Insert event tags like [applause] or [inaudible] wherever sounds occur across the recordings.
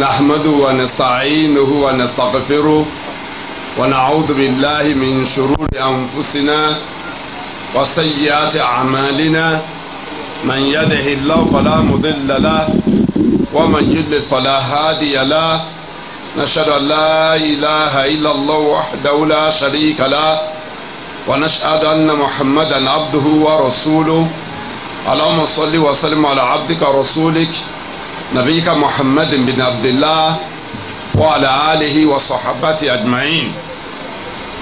نحمده ونستعينه ونستغفره ونعوذ بالله من شرور أنفسنا وسيئات أعمالنا من يده الله فلا مضل له ومن يضلل فلا هادي له نشهد أن لا إله إلا الله وحده لا شريك له ونشهد أن محمدا عبده ورسوله اللهم صل وسلم على عبدك ورسولك نبيك محمد بن عبد الله وعلى آله وصحبته أجمعين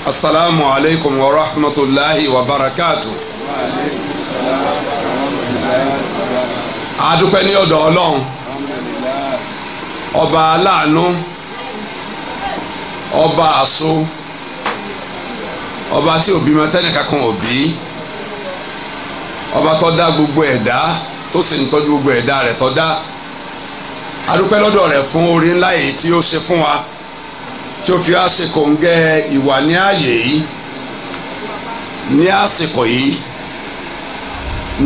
السلام عليكم ورحمة الله وبركاته وعليكم السلام ورحمة الله وبركاته adúpẹ́ ní ọ̀dọ̀ ọlọ́run ọba aláàánú ọba àṣọ ọba tí òbí mọ tẹ́nìkan kan òbí ọba tó dá gbogbo ẹ̀dá tó sì ń tọ́jú gbogbo ẹ̀dá rẹ̀ tó dá adúpẹ́ lọ́dọ̀ rẹ̀ fún orí ńlá èyí tí ó ṣe fún wa tí ó fi wá ṣe kòǹgẹ́ ìwà ní ààyè yìí ní àsìkò yìí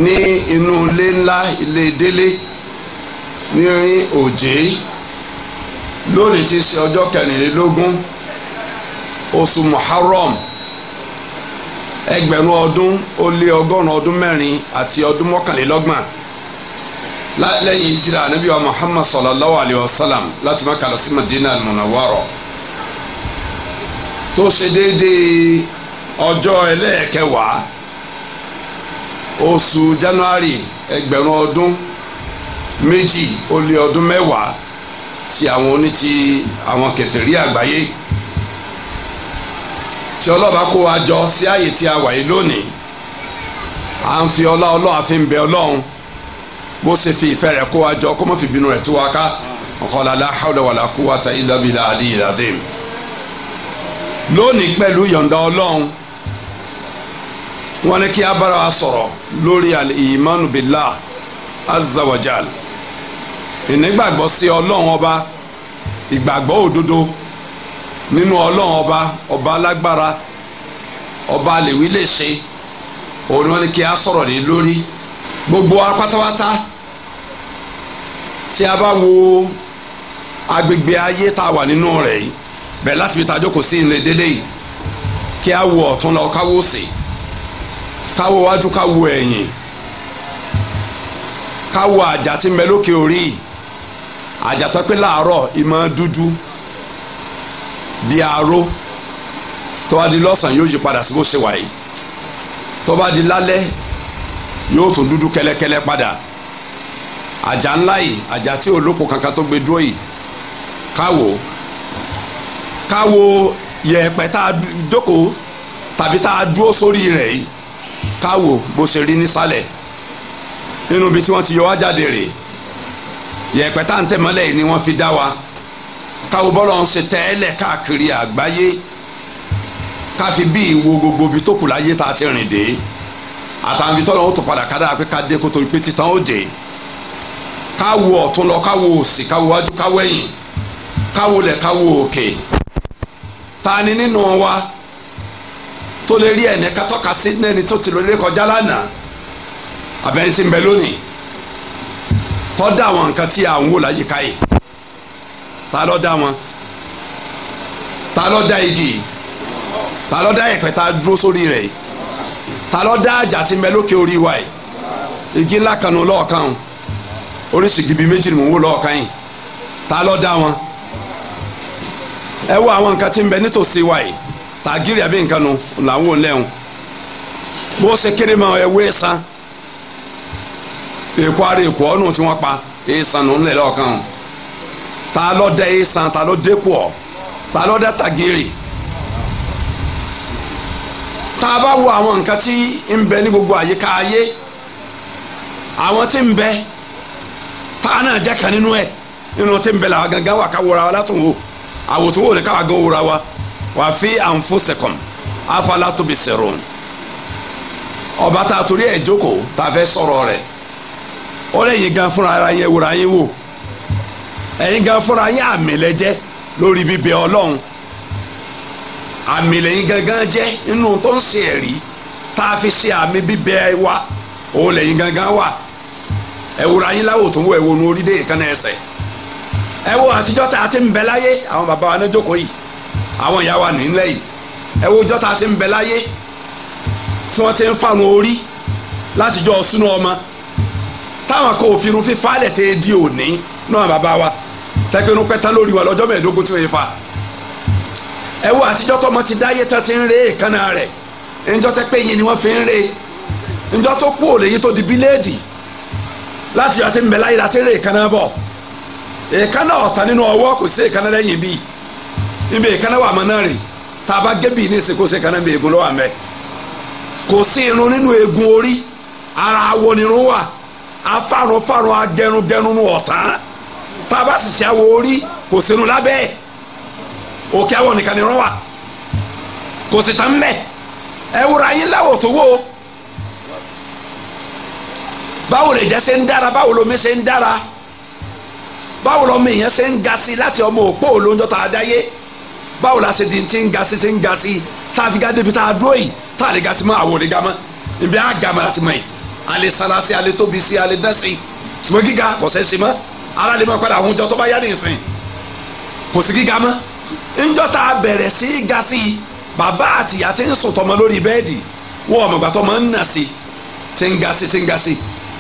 ní inú ilé ńlá ilé délé ní òjé lónìí ti ṣe ọjọ́ kẹrìnlélógún oṣù muharram ẹgbẹ̀rún ọdún ó lé ọgọ́rùn-ún ọdún mẹ́rin àti ọdún mọ́kànlélọ́gbọ̀n lẹ́yìn ìjìrà anabi wa muhammad sallallahu alayhi wa sallam láti má kàlọ́ sí madina al-munawwara tó ṣe déédéé ọjọ́ ẹlẹ́ẹ̀kẹwàá oṣù january ẹgbẹ̀rún ọdún méjì ó lé ọdún mẹ́wàá ti àwọn oní ti àwọn kèfèrí àgbáyé tí ọlọ́ba kó wa jọ sí ààyè tí a wà yìí lónìí à ń fi ọlá àfi ń bẹ ọlọ́run bó ṣe fi ìfẹ́ rẹ̀ kó wa jọ kó má fi bínú rẹ̀ tú wa ká ọ̀kọ́lá la hawla wàlá quwwata illa billal aliyyil azim. lónìí pẹ̀lú yọ̀ǹda ọlọ́run wọn ní kí a bára wa sọ̀rọ̀ lórí al-imanu billah azza wa jal ìnígbàgbọ́ sí ọlọ́run ọba ìgbàgbọ́ òdodo nínú ọlọ́run ọba ọba alágbára ọba àlèwí lè ṣe òun wọn ní kí a sọ̀rọ̀ lé lórí gbogbo wa pátápátá tí a bá wo agbègbè ayé tá a wà nínú rẹ̀ yìí bẹ̀rẹ̀ láti fi tajọ́ kò sí ilé délé yìí kí a wo ọ̀tún lọ káwó sí káwó wájú káwó ẹ̀yìn káwó àjà tí ń bẹ lókè orí àjà tó pé láàárọ̀ ìmọ̀ dúdú bí aró tó bá di lọ́sàn yóò yí padà sí bó ṣe wà yìí tó bá di lálẹ́ yóò tún dúdú kẹ́lẹ́kẹ́lẹ́ padà àjà ńlá yìí àjà tí olóko kankan tó gbé dúró yìí káwo káwo yẹ̀pẹ̀ tá a jókòó tàbí tá a dúró sórí rẹ̀ yìí káwo bó ṣe rí nísàlẹ̀ nínú ibi tí wọ́n ti yọ wá jáde rè yẹ̀pẹ̀ tá à ń tẹ̀ yìí ni wọ́n fi dá wa káwo bọ́lọ̀ ń ṣe tẹ́lẹ̀ káàkiri àgbáyé ká fi bí ìwo gbogbo ibi tó kù láyé tá a ti rìn dé àtàǹbí tọ́lọ́ ó tún padà kádà pé ká dé kótó pé títàn ó dé ká wo ọ̀tún lọ ká wo òsì ká wo wájú ká wẹ̀yìn ká wo lẹ̀ ká wo òkè ta ni nínú wa tó lè rí ẹ̀ní ká tọ́ka sí ẹni tó ti lórí kọjá lánàá abẹ́ni tí ń bẹ lónìí tọ́ àwọn nǹkan tí à ń wò láyìíká yìí ta ló dá wọn ta ló dá igi ta ló dá ẹ̀pẹ̀ ta dúró sórí rẹ̀ yìí ta ló dá àjà tí ń bẹ lókè orí wa yìí igi ńlá kan nù lọ́ọ̀kan o oríṣi gidi méjì ni mò ń wò lọ́ọ̀kan yìí ta ló dá wọn ẹ wo àwọn nǹkan tí ń bẹ nítòsí wa yìí tàgírí àbí nǹkan nu làwọn ò lẹ́hùn bó ṣe kéré mọ ẹwé san èkó ara èkó ọ̀nù tí wọ́n pa èèsàn nù ńlẹ̀ lọ́ọ̀kan o ta ló dá èèsàn ta ló dé kù ọ́ ta tá a bá wo àwọn nǹkan tí ń bẹ ní gbogbo àyíká ayé àwọn tí ń bẹ tá a náà jẹ́ kan nínú ẹ̀ nínú tí ń bẹ làwọn gangan wà ká wọra wa látòwò àwòtò wò ní káwá gan wọra wa wà fi anfusakum afala tubsirun ọba tá a torí ẹ̀ jókòó tá a fẹ́ sọ̀rọ̀ rẹ̀ ó lè yín gan fúnra ara yẹn wòra yín wò ẹ̀yin gan fúnra yín àmì lẹ́jẹ́ lórí bíbẹ ọlọ́run àmì lẹ́yìn gangan jẹ́ nínú tó ń ṣe ẹ̀rí tá a fi ṣe àmì bíbẹ wa òun lẹ́yìn gangan wà ẹ̀wòrán ayé láwò tó ń wọ ẹ̀wòrán orílẹ̀ èkánná ẹsẹ̀ ẹ wo àtijọ́ tá a ti ń bẹ láyé àwọn bàbá wa ní jókòó yìí àwọn ìyá wa nílẹ̀ yìí ẹ wo ọjọ́ tá a ti ń bẹ láyé tí wọ́n ti ń fàrun orí látijọ́ súnú ọmọ táwọn kò fi irun fífalẹ̀ tẹ́ di òní náà bàbá wa tẹ́pẹ́nu pẹ́tán lórí wa lọ́jọ́ mẹ́ẹ̀ẹ́dógún tí wọ́n yẹ fa ẹ wo àtijọ́ tọmọ ti dáyé tán ti ń re èékánná rẹ̀ ńjọ́ tẹ́ pé yín ni wọ́n fi ń re ńjọ́ tó kú òlè yín tó di bíléèdì láti yọ ti ń bẹ ń re èékánná bọ̀ èékánná ọ̀tá nínú ọwọ́ kò sí èékánná lẹ́yìn bíi níbi èékánná wà mọ́ náà rè tá a bá gé bíi ní ìsìnkú sí èékánná bíi egun lọ́wọ́ àmẹ́ kò sí irun nínú egun orí ara awọ nírun wà afárunfárun agẹrungẹrun ọ̀tá tá a bá sì ṣe awọ orí kò sínú lábẹ́ ẹ̀ òkè àwọn nìkan ni rán wà kò sì tán mẹ́ ẹ wúra yín láwọ̀ tó wó báwo lè jẹ́ ṣe ń dára báwo lomi ṣe ń dára báwo lọmọ èèyàn ṣe ń ga sí láti ọmọ òpó olóńjọ́ tá a dáyé báwo la ṣe di ti ń ga sí ṣe ń ga sí tá a fi ga débi tá a dúró yìí tá a lè ga sí mọ́ àwọn ò lè ibi á ga mọ́ láti mọ́ yìí a sara sí a tóbi sí a dán sí sùmọ́ gíga kò ṣeé ṣe mọ́ ara lè padà àwọn ọjọ́ tó bá yá nìyẹn sìn kò sí gíga mọ́ ńjọ́ tá a bẹ̀rẹ̀ sí í ga sí i bàbá àtìyá ti ń sùn tọmọ lórí bẹ́ẹ̀dì wọ́n ọmọ ìgbà tọmọ ń nà sí ti ń ga sí ti ń ga sí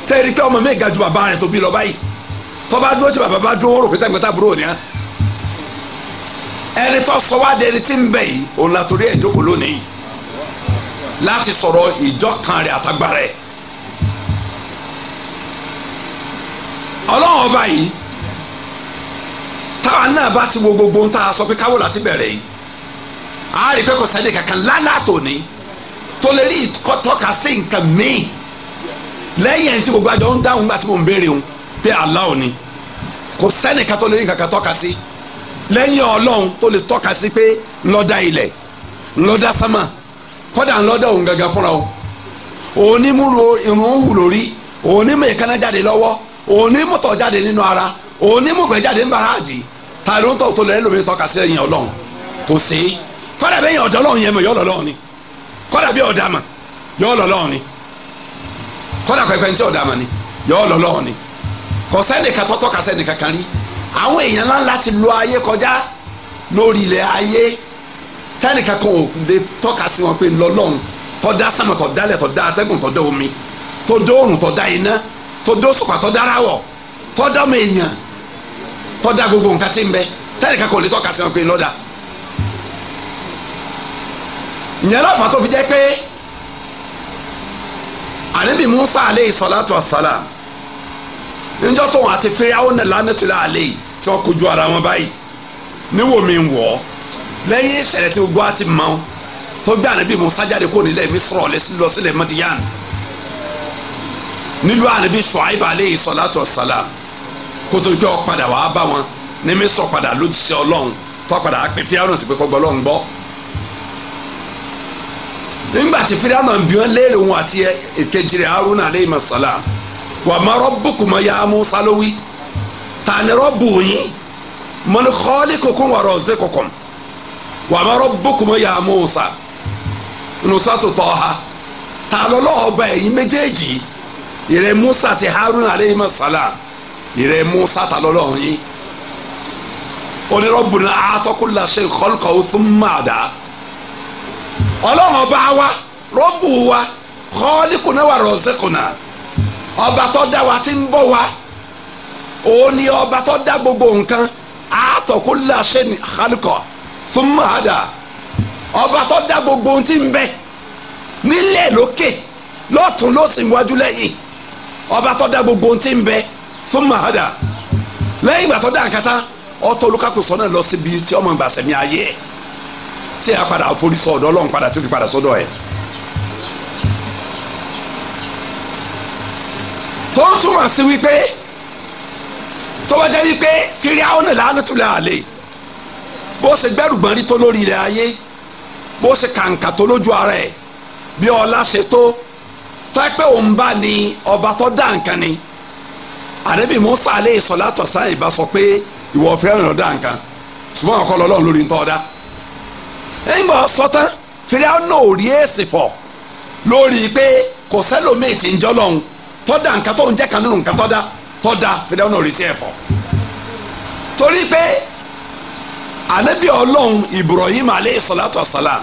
tẹ́ẹ̀rí pé ọmọ mi ga ju bàbá rẹ̀ tó bí lọ báyìí tọ́ba dúró tí bàbá bá dúró wọ́n rò pé tẹ́gbẹ́ta burú òní á ẹni tó sọ wá dẹni tí ń bẹ yìí òun la torí ẹ̀ jókòó lónìí láti sọ̀rọ̀ ìjọ kan rẹ̀ àtagbára ẹ̀ ọlọ́run ọba yìí táwa náà bá ti wo gbogbo ohun tá a sọ pé káwọ́ láti bẹ̀rẹ̀ yìí a rí pé kò sẹ́ni kankan lálá tòní tó lè rí ìtọ́ka sí nǹkan míì lẹ́yìn ẹni tí gbogbo àjọ ń dáhùn nígbà tí mo ń béèrè òun pé Allah òní kò sẹ́ni kan tó lè rí nǹkan kan tọ́ka sí lẹ́yìn ọlọ́run tó lè tọ́ka sí pé ńlọ́dá ilẹ̀ ńlọ́dá sánmà kọ́dà ńlọ́dá òun gangan fúnra o òun ní múru irun hù lórí òun ní mẹ̀kánnà jáde lọ́wọ́ òun ní mọ́tò jáde nínú ara onímùgbẹ́jáde ń bára àjì ta ló ń tọ́ tó lẹ́yìn lómi tọ́ka sí ẹ̀yìn ọlọ́run kò sí kọ́dà bẹ́yìn ọ̀dọ́ ọlọ́run yẹn mọ̀ yọ́ lọ́lọ́run ni kọ́dà bí ọ̀dà mà yọ́ lọ́lọ́run ni kọ́dà pẹ́pẹ́ tí ọ̀dà mà ni yọ́ lọ́lọ́run ni kò sẹ́nìkan tọ́ tọ́ka sẹ́nìkan kan rí àwọn èèyàn ńlá ńlá ti lo ayé kọjá lórí ilẹ̀ ayé tẹ́nìkan kan ò lè tọ́ka sí wọn pé lọ́lọ́run tó dá sánmọ̀ tó dálẹ̀ tó dá atẹ́gùn tó dá omi tó dá oòrùn tó dá iná tó dá òṣùpá tó dá ráwọ̀ tó dá ọmọ èèyàn tọ́da gbogbo nǹkan tí ń bẹ tẹ́nìkan kò lè tọ́ka sí wọn pé lọ́dà ìyẹn lọ́fà tó fi jẹ́ pé ànábì Musa aleyhi salatu wa salam níjọ́ tó wọn àti Fíráwọ̀ náà lánàtúlẹ̀ aleyhi tí wọ́n kojú ara wọn báyìí níwò mi ń wọ̀ ọ́ lẹ́yìn ìṣẹ̀lẹ̀ tí gbogbo àti mọ́ tó gbé ànábì Musa jáde kó nílẹ̀ mi sọ̀rọ̀ lọ sílẹ̀ Madiyan nílùú ànábì Shuaib aleyhi salatu wa salam kótójọ́ padà wàá bá wọn ní mi sọ padà lójúṣe ọlọ́run tó padà á pè fíráhùn sí pé kọ́ gbọ́ ọlọ́run gbọ́ nígbà tí fíráhùn ń bí wọn léèrè wọn àti èkejì rẹ̀ haruna aleyhi masalam wà má rọ́bùkù mọ́ ya musa lówí ta ni rọ́bù yín mọ́ ni kọ́ọ́lì kòkó wà rọ̀ọ́sẹ̀ kòkó wà má rọ́bùkù mọ́ ya musa nusatu tọ́ha ta lọ́lọ́ọ̀ba ẹ̀yin méjèèjì ìrẹ̀ musa ti haruna aleyhi masalam ìrẹ Musa ta lọ́lọ́run yín onírọ́bùnà àtọ́kùnlá ṣe ìkọlùkọ̀ ọ̀tún máa dá ọlọ́run ọba wa rọ́bù wa kọ́ọ́líkùnà wà rọ̀ọ́sẹ̀kùnà ọba tó dá wa ti ń bọ̀ wa òun ni ọba tó dá gbogbo nǹkan àtọ́kùnlá ṣe ìkọlùkọ̀ ọ̀tún máa ọba tó dá gbogbo ohun tí ń bẹ nílẹ̀ lókè lọ́tún lọ́sìn wájú lẹ́yìn ọba tó dá gbogbo ohun tí ń bẹ thumma hada lẹ́yìn ìgbà tó dá nkata ọtọ olùkàkùn sọ náà lọ síbi tí ọmọ ìgbà sẹ̀mí ayé tí a padà forí sọ ọ̀dọ̀ ọlọ́run padà tí ó fi padà sọ́dọ̀ ẹ̀. tó ń túmọ̀ sí wípé tó bá jẹ́ wípé fíríàwọ̀n náà lánàtúlẹ̀ àlè bó ṣe gbẹ́rù gbọ́nrí tó lórí rẹ̀ ayé bó ṣe kàǹkà tó lójú ara ẹ̀ bí ọlá ṣe tó tẹ́pẹ́ òun bá ní ọba tó dá nǹkan ni. Obatodankan àdébí musa aleyhi sọlátọ sáyìn bá sọ pé ìwọ fẹ́ràn ọ̀dà nǹkan ṣùgbọ́n ọkọ lọ́lọ́run lórí ntọ́ ọ̀dà ẹ̀yìn bọ̀ sọ́tán fìrìà náà ò rí èsì fọ̀ lórí pé kò sẹ́lòmíì tí ń jọ́ lọ́hùn tọ́da nǹkan tó ń jẹ́ kan nínú nǹkan tọ́da tọ́da fìrìà náà ò rí sí ẹ̀fọ́ torí pé ànábì ọlọ́run Ibrahim aleyhi sọlátọ sàlám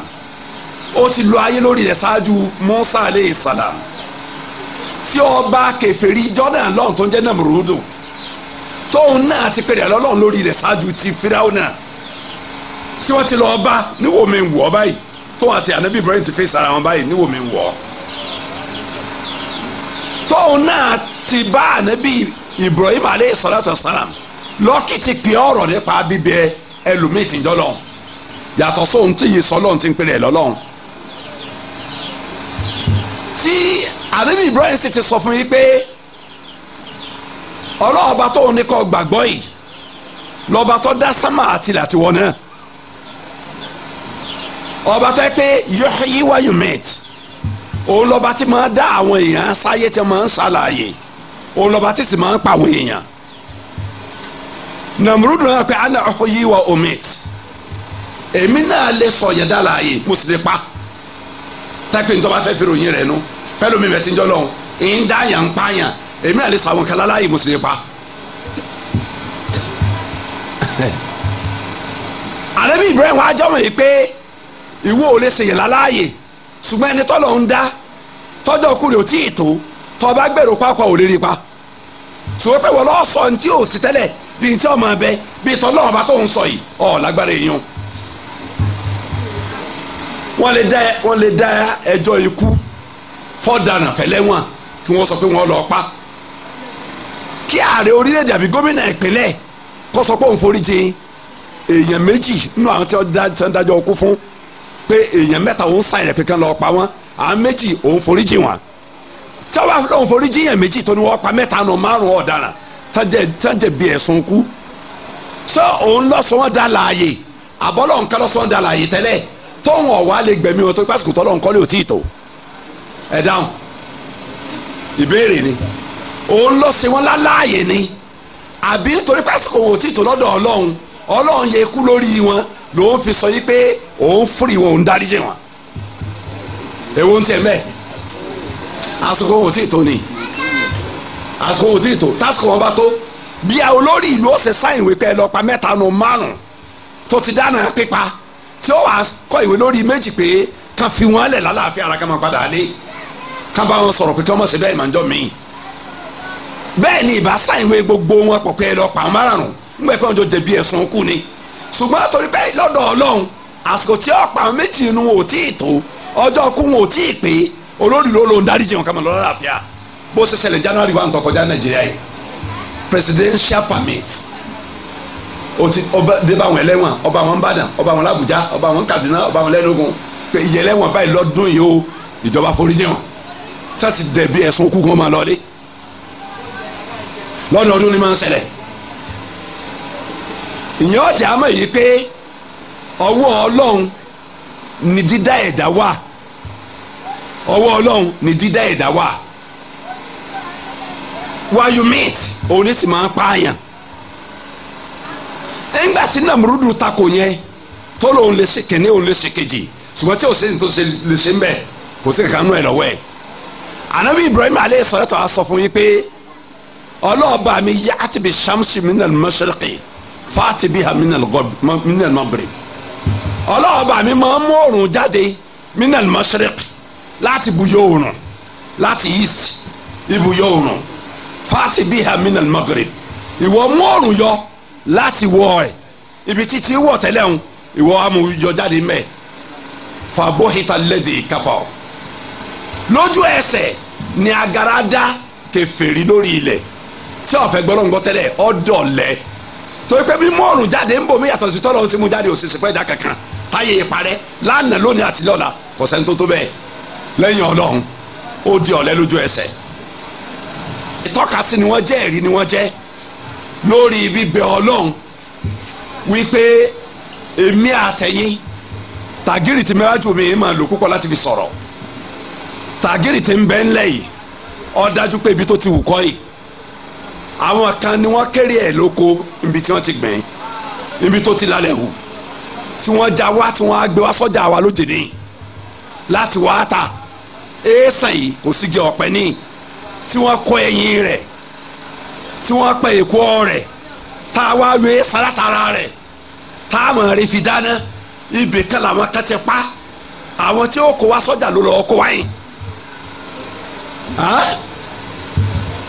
ó ti lo ayé lórí rẹ̀ ṣáájú musa aleyhi sàlám tí ọba kèfèrí ìjọ náà lọ́hùn tó ń jẹ́ Námúrúdù tóun náà ti pèrè lọ́lọ́run lórí rẹ̀ ṣáájú ti Fíráwọ̀ náà tí wọ́n ti lọ bá níwò mi wọ̀ báyìí tóun àti ànábì Ibrahim ti fèsì ara wọn báyìí níwò mi wọ̀ tóun náà ti bá ànábì Ibrahim aleyhi salatu wasalam lọ́kì ti pè ọ̀rọ̀ nípa bíbẹ ẹlòmíì tí ń jọlọ́n yàtọ̀ sóhun tí yìí sọlọ́run ti pèrè lọ́lọ́run tí ànábì Ibrahim sì ti sọ fún yín pé ọlọ́ọ̀ba tó ní kó gbàgbọ́ yìí lọ́ba tó dá sámà àti làtiwọ́ náà ọba tó yẹ pé yọ̀ọ́yí wáyé mẹ́t òun lọ́ba tí máa dá àwọn èèyàn sáyé tí máa ń ṣàlàyé òun lọ́ba tí sì máa ń pa àwọn èèyàn nàmúrúdù náà pé ana ọ̀ọ́yí wá omit èmi náà lè sọ yẹn dá láàyè mo sì lè pa tápẹ́ ní tó bá fẹ́ fi ròyìn rẹ̀ nù. No? pẹ̀lú mi bẹ̀ tí ń jọ́ lọ́hùn ń dáyàn ń pààyàn èmi àlè sàwọn kan láláyè mo sì lè pa. [laughs] àlẹ́ bí Ibrahim wá jọ́mọ̀ yìí pé ìwọ ò lè ṣèyàn láláyè ṣùgbọ́n ẹni tọ́lọ̀ ń dá tọ́jọ́ ọkùnrin ò tí ì tó tọ́ gbèrò pápá ò lè rí pa ṣùgbọ́n pé wọ́n lọ́ọ́ sọ ní tí ò sí tẹ́lẹ̀ bí ní tí ọmọ ẹbẹ bí tọ́lọ́wọ́n bá tó ń sọ yìí ọ̀ lágbára èèyàn wọ́n lè dá ẹjọ́ ikú fọ́dànà fẹ́lẹ́wọ̀n kí wọ́n sọ pé wọ́n lọ pa kí ààrẹ orílẹ̀-èdè àbí gómìnà ìpínlẹ̀ kó sọ pé òun foríjì èèyàn méjì nínú àwọn tí wọ́n dájọ́ ọkú fún pé èèyàn mẹ́ta òun sàn rẹ̀ pé kán lọ pa wọ́n àwọn méjì òun foríjì wọn tí wọ́n bá fi lóun foríjì yẹn méjì tó ní wọ́n pa mẹ́ta nù márùn-ún ọ̀daràn tán jẹ̀ bí ẹ̀sùn kú sọ òun lọ sọ wọn dá láàyè àbọ̀lọ̀ nǹkan lọ sọ wọn dá láàyè tẹ́lẹ̀ tóun ọ̀wá lè gbẹ̀mí wọn tó pásítọ̀ tọ́lọ̀ nǹkan lè ò tí ì tó ẹ dáhùn ìbéèrè ni òun lọ sí wọn láláàyè ni àbí torí pásítọ̀ wò tí tò lọ́dọ̀ ọlọ́run ọlọ́run yẹ kú lórí wọn lòun fi sọ yí pé òun fúri wọn òun dáríjì wọn èwo ń tiẹ̀ mẹ́ẹ̀ àsìkò wò tí tò ni àsìkò wò tí tò tásìkò wọn bá tó bí a olórí ìlú ọ̀sẹ̀ sáyìn ìwé pẹ́ lọ́ọ́ mẹ́ta nu márùn tó ti dáná pípa tí ó wàá kọ ìwé lórí méjì pé kan fi wọn lẹ̀ lálàáfíà ara padà lé kán bá wọn sọ̀rọ̀ pé kí wọ́n mọ̀ sí bẹ́ẹ̀ máa ń jọ mí. bẹ́ẹ̀ ni ìbá sáìwé gbogbo wọn pọ̀ pé ẹ lọ pa àwọn márùn-ún ń gbẹ́ pé wọ́n jọ jẹ̀bi ẹ̀sùn kú ni. ṣùgbọ́n torí pé lọ́dọ̀ ọlọ́run àsìkò tí ọ̀pá àwọn méjì inú wọn ò tí ì tó ọjọ́ kú wọn ò tí ì pé olórí ló lóun dáríjì wọn kàmọ́ lọ́la àfíà bó ṣe ṣẹlẹ̀ January one tó kọjá Nàìjíríà yìí presidential permit o ti ọba débà wọn ẹlẹ́wọ̀n ọba wọn Ìbàdàn ọba wọn l'Àbújá ọba wọn Kaduna ọba wọn lẹ́nugun pé ìyẹlẹ́wọ̀n báyìí lọ́dún yìí o ìjọba foríjì wọn sasi dẹbi ẹ̀sùn kú kí wọ́n máa lọ dé lọ́dọọdún ni máa ń ṣẹlẹ̀ ìyẹn ọ̀tẹ̀ àmọ́ yìí pé ọwọ́ ọlọ́run ni dídá ẹ̀dá wà ọwọ́ ọlọ́run ni dídá ẹ̀dá wà why you meet òun ní sì máa ń pààyàn nígbà tí nàmúrúdù takò yẹn tó lóun lè ṣe kẹ́ni òun lè ṣe kejì ṣùgbọ́n tí òun ṣe tó ṣe lè ṣe ń bẹ̀ kò sí kankan nú ẹ̀ lọ́wọ́ ẹ̀ anabi ibrahim aleyhi salatu wa sọ fún yín pé ọlọ́ọ̀bà mi yá àti bi shamsi minal mashriqi fati biha minal maghrib ọlọ́ọ̀bà mi máa ń mú òòrùn jáde minal mashriqi láti buyọ òòrùn láti east ibuyọ òòrùn fati biha minal maghrib ìwọ mú òòrùn yọ láti wọ ẹ ibi títí wọ tẹ́lẹ̀ ń ìwọ amòyọ jáde mẹ fàbóhìtà lẹ́dí káfọ́ lójú ẹsẹ̀ ni agara dá kèfèrí lórí ilẹ̀ tí ó fẹ́ gbọ́dọ̀ ń gbọ́ tẹ́lẹ̀ ọ̀dọ̀ lẹ̀ torí pé mímú ọ̀run jáde ń bò mí yàtọ̀ sí tọ́lọ́run tí mo jáde òṣìṣẹ́ fẹ́ dá kankan táyé ìparẹ́ lánàá lónìí àti lọ́la kò sẹ́ni tó tó bẹ́ẹ̀ lẹ́yìn ọlọ́run ó di ọ̀lẹ lójú ẹsẹ̀ ìtọ́kasí ni wọ́n jẹ́ ẹ̀rí ni wọ́n jẹ́ lórí bíbẹ ọlọ́run wípé èmi àtẹ̀yìn tàgírì ti mẹ́wájú mi máa lò púpọ̀ láti fi sọ̀rọ̀ tàgírì tí ń bẹ ńlẹ̀ yìí ó dájú pé ibi tó ti wù kọ́ yìí àwọn kan ni wọ́n kéré ẹ̀ lóko ibi tí wọ́n ti gbìn ibi tó ti lálẹ́ wù tí wọ́n já wá tí wọ́n á gbé wá sọ́jà wa lóde ní láti wá ta èèsàn yìí kò sí gé ọ̀pẹ ní tí wọ́n kọ́ ẹyin rẹ̀ tí wọ́n pẹ̀ èkó rẹ̀ tá a wá wé èèsàn látara rẹ̀ tá a mọ̀ rẹ̀ fi dáná ibì làwọn kan pa àwọn tí ó kó wá sọ́jà ló lọ́ọ́ kó wáyìn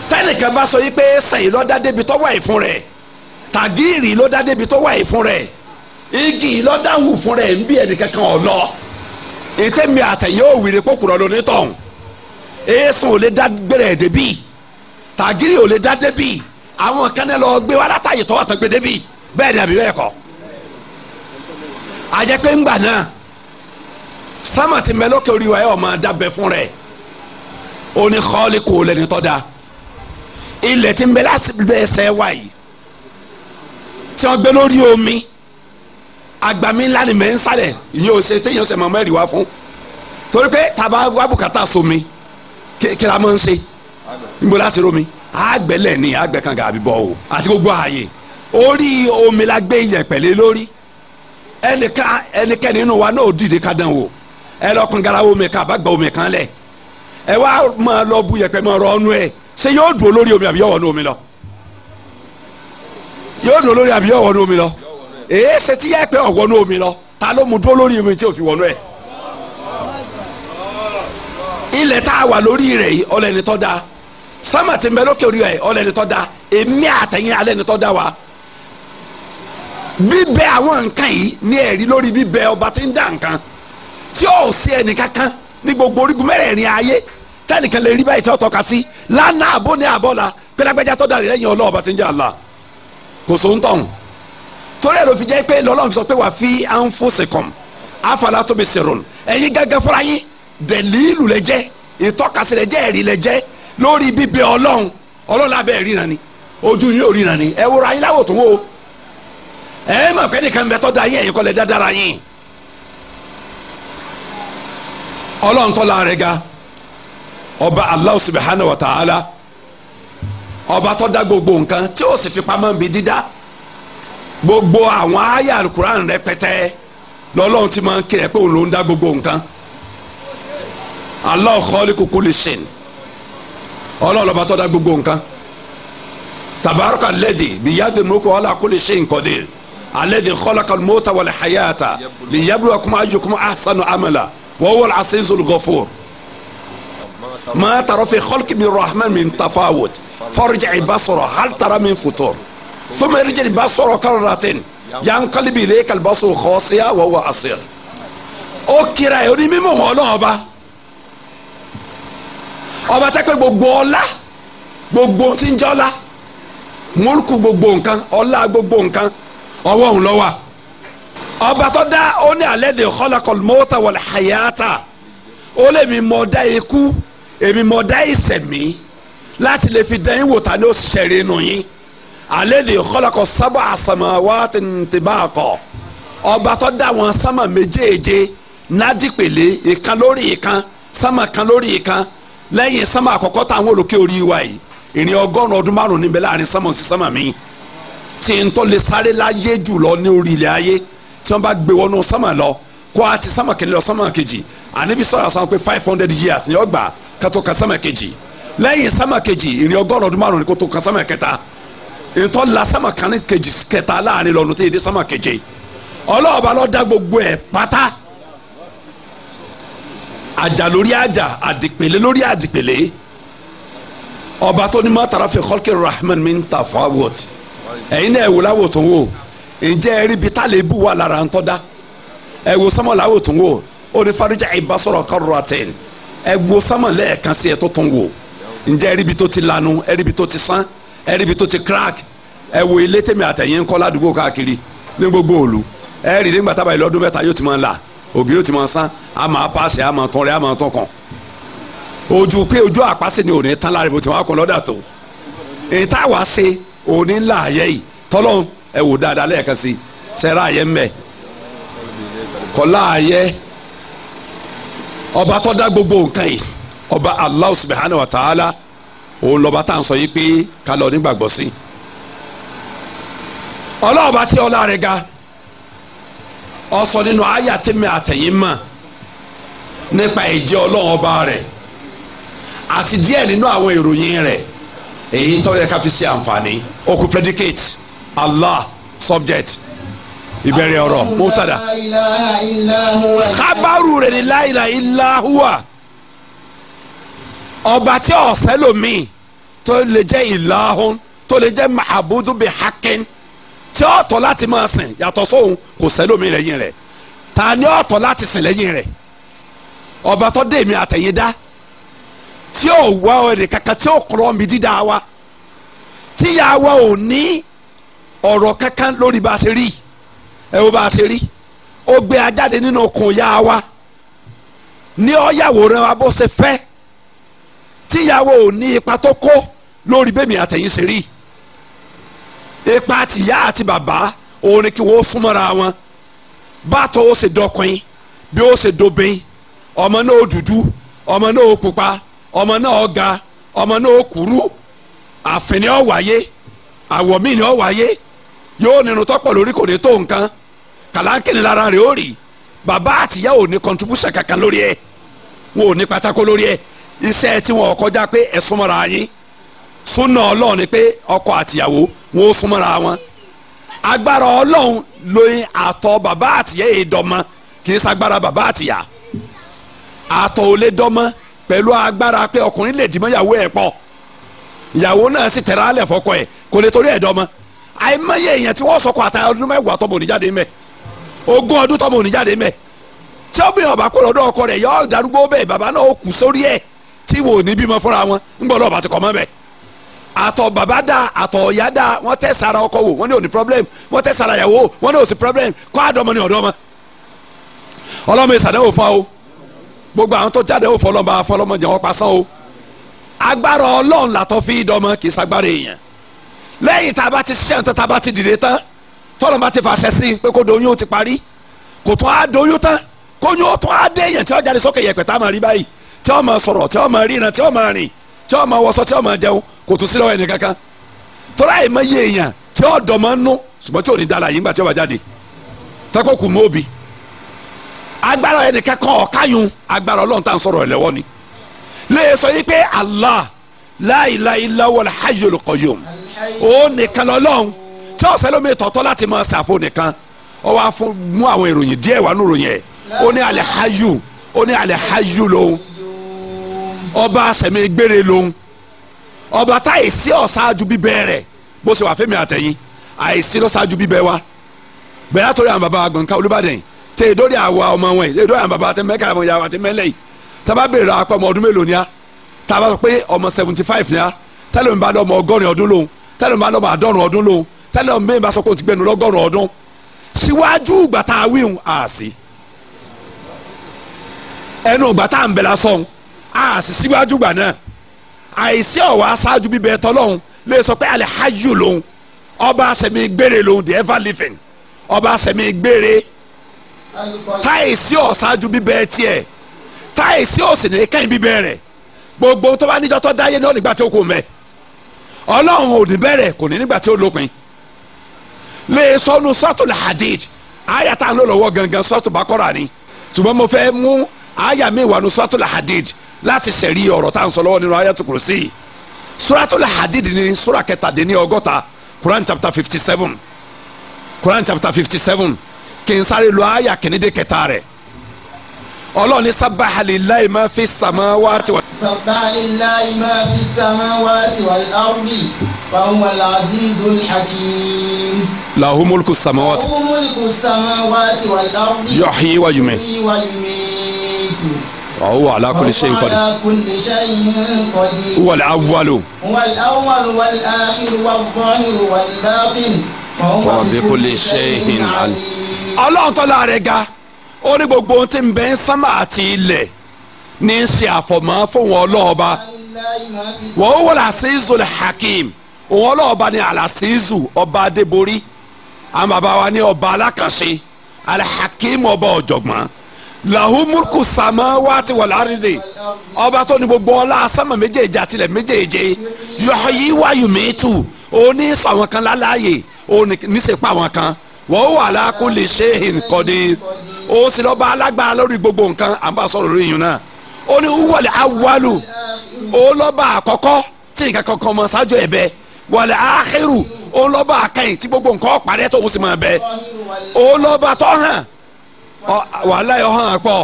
tẹnìkan bá sọ yìí pé sẹyìn ló dá débi tó wà yìí fún rẹ̀ tàgíìrì ló dá débi tó wà yìí fún rẹ̀ igi ló dá hù fún rẹ̀ nbí ẹnìkankan ọ̀ lọ ìtẹ́mi àtẹ̀yẹ òwìrì pòkùrọ̀ lónítọ̀hún èèsùn ò lè dá gbèrè débi tàgíìrì ò lè dá débi àwọn kan lọ gbé wa látàyè tọ́wọ́ tán gbé débi bẹ́ẹ̀ ni àbí bẹ́ẹ̀ kọ́ àjẹpẹ́ ńgbà náà sámà ti mẹ́lọ́kẹ́ orí wa yóò máa dábẹ́ fún rẹ̀ ó ní kọ́ọ̀lì kò lẹ́ni tọ́ da ilẹ̀ tí ń bẹ lásìbẹ̀ ẹsẹ̀ wà yìí tí wọ́n gbé lórí omi agbami ńlá ni mẹ́ ń sálẹ̀ ìyẹn ò ṣe téèyàn ṣe màmá ẹ̀rí wá fún torí pé tàbá wà bùkátà sómi kí la máa ń ṣe níbo láti rómi àgbẹ̀lẹ̀ ni àgbẹ̀ kan gàbí bọ̀ o àti gbogbo ààyè orí omi la gbé iyẹ̀pẹ̀ lé lórí ẹnikẹ́ni nínú wa náà dìde ká dán wò ẹ lọ kàn garawo omi kan àbá gba omi kan lẹ̀ ẹ wá máa lọ bu yẹ̀pẹ̀ máa rọ ọnu ẹ ṣé yóò dùn olórí omi àbí yóò wọnú omi lọ yóò dùn olórí àbí yóò wọnú omi lọ èé ṣe tí yẹ̀pẹ̀ ọ̀wọ́nú omi lọ ta ló mu dúró lórí omi tí ò fi wọnú ẹ ilẹ̀ tá a wà lórí rẹ̀ yìí ọlẹ́ni da sámà tí ń lókè orí ẹ̀ ọlẹ́ni da èmi àtẹ̀yìn alẹ́ni da wa bíbẹ àwọn nǹkan yìí ní ẹ̀rí lórí bíbẹ ọba tí ń dá nǹkan tí ó sì ẹnì ní gbogbo orígun mẹ́rẹ̀ẹ̀rin ayé tẹ́nìkan lè rí báyìí tí wọ́n tọ́ka sí lánàá àbó ní àbọ̀là pẹ́lápẹ́já tó dàrí lẹ́yìn ọlọ́run bá ti ń jẹ́ àlá kò sóhun tọ̀hún torí ẹ̀ ló fi jẹ́ pé lọ́lọ́run fi sọ pé wà fi anfusikum afala tubsirun ẹ̀yin gẹ́gẹ́ fúnra yín dẹ̀lílù lẹ jẹ́ ìtọ́kasí lẹ jẹ́ ẹ̀rí lẹ jẹ́ lórí bíbẹ ọlọ́run ọlọ́run nani ojú yín ò nani ẹ wúra yín láwòtún wo ẹ mọ̀ pé nìkan bẹ tọ́ ọlọ́run tọ́lá rẹ̀ ga ọba Allah subhanahu wa ta'ala ọba tó dá gbogbo nǹkan tí ó sì fi pamọ́ bí dídá gbogbo àwọn àyà alukuran rẹpẹtẹ lọ́lọ́run ti máa ń kiri ẹ̀ pé òun ló ń dá gbogbo nǹkan Allah khaliqu kulli shay ọlọ́run ọba tó dá gbogbo nǹkan tabaraka lẹ́dí biyadi mulku ala kulli shay qadir alẹ́dí khalaqa al-mauta wal hayata liyabluwakum ayyukum ahsanu amala. وهو العزيز الغفور ما ترى في خلق من الرحمن من تفاوت فارجع بصره هل ترى من فطور ثم ارجع بصره كرتين ينقلب اليك البصر خاصية وهو عصير ó kira ẹ̀ ó ní mímọ̀ wọn náà ọba ọba tẹ́ pé gbogbo ọlá gbogbo tí ń jẹ́ ọba tó dá ó ní alladhi khalaqal mauta wal hayata ó lè mi mọ̀ dá ikú èmi mọ̀ dá ìṣẹ̀mí láti lè fi dẹ́yìn wò ta ni ó ṣiṣẹ́ rí inú yín alladhi khalaqa sab'a samawatin tibaqa ọba tó dá wọn sámà méjèèje nádìpèlé ìkan lórí ìkan sámà kan lórí ìkan lẹ́yìn sámà àkọ́kọ́ táwọn olùkẹ́ orí wa yìí ìrìn ọgọ́rùn ọdún márùn-ún níbẹ̀ láàrin sámà sí sámà mi tí n tó lè sáré láyé jùlọ ní orílẹ̀ ayé tí wọ́n bá gbé wọnú sánmà lọ kó a ti sánmà kìíní lọ sánmà kejì ànábi sọ̀rọ̀ àṣà pé five hundred years ni ó gbà ká tó kan sánmà kejì lẹ́yìn sánmà kejì ìrìn ọgọ́rùn ọdún márùn ni kó tó kan sánmà kẹta ntọ́ la sánmà kan kejì kẹta láàrin lọ́nu tó yẹ dé sánmà keje ọlọ́ọ̀bá ló dá gbogbo ẹ̀ pátá àjà lórí àjà àdìpèlé lórí àdìpèlé ọba tó ní mọ́tàrà fi khalqi rahman min tafawut ẹ̀yin náà wò láwòtún wò ǹjẹ́ ẹ rí ibi tá lè bù wà lára ń tọ́ da ẹ wo sánmọ̀ làwọ̀ tó ń wò ó ní fàrújà ìbásọ̀rọ̀ kọ́rọ̀ àtẹ̀yìn ẹ wo sánmọ̀ lẹ́ẹ̀kan sí ẹ tó tó ń wò ǹjẹ́ ẹ rí ibi tó ti lanu ẹ rí ibi tó ti sán ẹ rí ibi tó ti crack ẹ wo ilé tèmi àtẹ̀yìn kọ́ ládùúgbò káàkiri ní gbogbo òlu ẹ rí nígbà tábà ilé ọdún mẹ́ta yóò ti máa là ògiri yóò ti máa sán a máa pàṣẹ a máa tán rẹ a máa tán kàn ojú pé ẹ wò dáadáa lẹ́ẹ̀kan sí sẹ́ra ayẹ ń ọba tó dá gbogbo nǹkan ọba Allah wa ta'ala òun lọ́ba tá à ń sọ yìí pé ká lọ nígbàgbọ́ sí i ọlọ́ọ̀ba tí ọlá rẹ̀ ga ọsọ sọ nínú àyà tèmi àtẹ̀yìn mọ̀ nípa ìjẹ́ ọlọ́run ọba rẹ̀ àti díẹ̀ nínú àwọn ìròyìn rẹ̀ èyí tó yẹ ká fi allah subject ìbẹ̀rẹ̀ ọ̀rọ̀ mọ́tàdà kábàrù rẹ̀ ní láìla ìlàhùwà ọba tí ọ̀sẹ́ lomi tó lè jẹ́ ìlàhùn tó lè jẹ́ ma'abudu bi hakin tí ó tọ́ láti máa sìn yàtọ̀ sóhun kò sẹ́ lomi lẹ́yìn rẹ̀ ta ni ó láti sìn lẹ́yìn rẹ̀ ọba tó dé mi àtẹ̀yìn dá tí ó wá ẹnì kankan tí ó kọ́ mi dídá wa tíyàwó ò ní ọ̀rọ̀ kankan lórí bá a ṣe rí ẹ wo bá a ṣe rí ó gbé a jáde nínú okùn ya wa ní ọ̀yàwòrán wa bó ṣe fẹ́ tíyàwó ò ní ipa tó kó lórí bẹ́ẹ̀ mi àtẹ̀yìn ṣe rí ipa tìyá àti bàbá òun ni kí wọ́n súnmọ́ra wọn bàtọ̀ ó ṣe dọkùnrin bí ó ṣe dobin ọmọ náà dúdú ọmọ náà pupa ọmọ náà ga ọmọ náà kúrú àfin wáyé àwọ̀ wáyé yóò nínú tọ́pọ̀ lórí kò ní tó nǹkan kàlákìnì lára rẹ̀ ó rì bàbá àtìyá ò ní contribution kankan lórí ẹ̀ wọn ò ní pátákó lórí ẹ̀ iṣẹ́ tí wọn kọjá pé ẹ súnmọ́ra yín súnà ọlọ́run ni pé ọkọ àtìyàwó wọn ó súnmọ́ra wọn agbára ọlọ́run lóyin àtọ̀ bàbá àtìyá èèdọ́mọ kì í sagbára bàbá àtìyá àtọ̀ ò lè dọ́mọ pẹ̀lú agbára pé ọkùnrin lè dìmọ́ ìyàwó ẹ̀ pọ̀ ìyàwó náà sì tẹ̀ra alẹ̀ fọkọ ẹ̀ kò lè torí ẹ̀ dọ́mọ àìmọye èèyàn tí wọ́n sọkọ àtàyà ọdún mẹ́wàá tọmọ oníjáde mẹ́ ogún ọdún tọmọ oníjáde mẹ́ tí obìnrin ọba kúrò lọ́dọ̀ ọkọ rẹ̀ yọ darúgbó bẹ́ẹ̀ bàbá náà ó kù sórí ẹ̀ tí wò ní bímọ fúnra wọn ńgbọ́dọ̀ ọba ti kọ́ mọ́ bẹ́ẹ̀ àtọ̀ bàbá àtọ̀ ọ̀yá ọkọ wò wọ́n ní òní problem wọ́n tẹ́ sara wọ́n ní òsì problem kọ́ àdọ́mọ ọ̀dọ́mọ ọlọ́mọ gbogbo àwọn tó jáde lẹ́yìn tá a bá ti ṣiṣẹ́ nǹkan tá a bá ti dìde tán tọ́lọ̀ bá ti fàṣẹ sí i pé kó doyún ó ti parí kò tún á doyún tán kóyún ó tún á dé èèyàn tí ó jáde sókè yẹ̀pẹ̀ tá a máa rí báyìí tí ó máa sọ̀rọ̀ tí ó máa ríran tí ó máa rìn tí ó máa wọṣọ tí ó máa jẹun kò tún sí lọ́wọ́ ẹni kankan tọ́lá ìmọ̀ yé èèyàn tí ó dọ̀ máa ń nú ṣùgbọ́n tí ò ní dára yìí ńgbà tí ó bá jáde tẹ́kọ̀ kù òun nìkan lọ́lọ́run tí ọ̀sẹ̀ lómi tọ̀tọ̀ láti máa ṣàfo nìkan ó wá fún mú àwọn ìròyìn díẹ̀ wà nù ròyìn ẹ̀ ó ní alihayu ó ní alihayu lòun ọba sẹ̀mi gbére lòun ọba tá àìsí ọ̀ṣáájú bíbẹ́ rẹ̀ bó ṣe wà fẹ́mi àtẹ̀yìn àìsí lọ́ṣáájú bíbẹ́ wa bẹ̀rẹ̀ àtòrí àwọn baba àgbọ̀nká Olúbàdàn yìí tẹ èdórí àwa ọmọ wọn yìí èdórí àwọn baba àti mẹ́kà àwọn ìyàwó àti mẹ́lẹ̀ yìí tábà béèrè apá ọdún mélòó ni a tábà pé ọmọ seventy five ni a tẹ́lẹ̀ mi bá lọ ọmọ ọgọ́rin ọdún lòun tẹ́lẹ̀ máa lọ́ba àádọ́rùn ọdún lóhun tẹ́lẹ̀ mẹ́rin bá sọ pé o ti gbẹnu lọ́gọ́rùn ọdún síwájú ìgbà tá a wíhun a sì ẹnu ìgbà tá à ń bẹ̀ sọ̀hún a sì síwájú ìgbà náà àìsí ọ̀wá aṣáájú bíbẹ̀ tọ́lọ́hún lè sọ pé alihayu lòun ọba sẹ̀mi gbére lòun the ever living ọba sẹ̀mi gbére táìsí ọ̀ṣáájú bíbẹ̀ tiẹ̀ táìsí ọ̀sìn ní kẹ́hìn bíbẹ̀ rẹ̀ gbogbo tó bá níjọ́ tó dáyé náà nígbà tí ó kò ọlọ́run ò ní bẹ̀rẹ̀ kò ní nígbà tí ó lópin lè e sọnù sọ́tùlù hadid àyà tá à ń lò lọ́wọ́ gangan sọ́tù bákọ́rà ni ṣùgbọ́n mo fẹ́ mú àyà mi wà nù sọ́tùlù hadid láti ṣẹ̀rí ọ̀rọ̀ tá à ń sọ lọ́wọ́ nínú Ayatul Kursi sọ́tùlù hadid ni sura kẹtàdínní ọgọ́ta Quran chapter fifty seven Quran chapter fifty seven kì í sáré lo àyà kìnìdé kẹta rẹ̀ ọlọ́run ní sábàá lillahi ma fi samawati wal. sábàá lillahi ma fi samawati wal ardi wa huwa al-azizul hakim. lahu mulku samawati. lahu mulku samawati wal ardi. yuhyi wa yumiit. yuhyi wa yumiit. وهو على كل شيء قدير هو الأول هو الأول والآخر والظاهر والباطن وهو بكل شيء عليم الله طلع رجع ó ní gbogbo ohun tí ń bẹ ń sánmà àti ilẹ̀ ní í ṣe àfọ̀mọ́ fún wọn ọlọ́ọ̀ba wọ́n wọ́n làṣíìzù hakim òun ọlọ́ọ̀ba ni àlàṣíìzù ọba adébórí àwọn bàbá wa ní ọba alákànṣe alhakim ọba ọ̀jọ̀gbọ́n lahumurku sama waati wala aride ọba tó ní gbogbo ọlá sámà méjèèjì àtìlẹ̀ méjèèjì yọ̀ọ́yí wáyù mẹ́tù òní sọ àwọn kan láláàyè òní níṣẹ́ pa àwọn kan wọ́n wà lákùlé ṣéhìn kọ́dé ó sì lọ́ba alágbára lórí gbogbo nǹkan à ń bá sọ̀rọ̀ lórí yìnyín náà ó ní wọlé awalu ó lọ́ba àkọ́kọ́ tí nǹkan kankan mọ̀ ṣáájú ẹ̀ bẹ́ẹ̀ wọlé akhiru ó lọ́ba akẹ́yìn tí gbogbo nǹkan parẹ́ tó ń sì mọ̀ bẹ́ẹ̀ ó lọ́ba tó hàn wàhálà yìí ọ̀hàn àpọ̀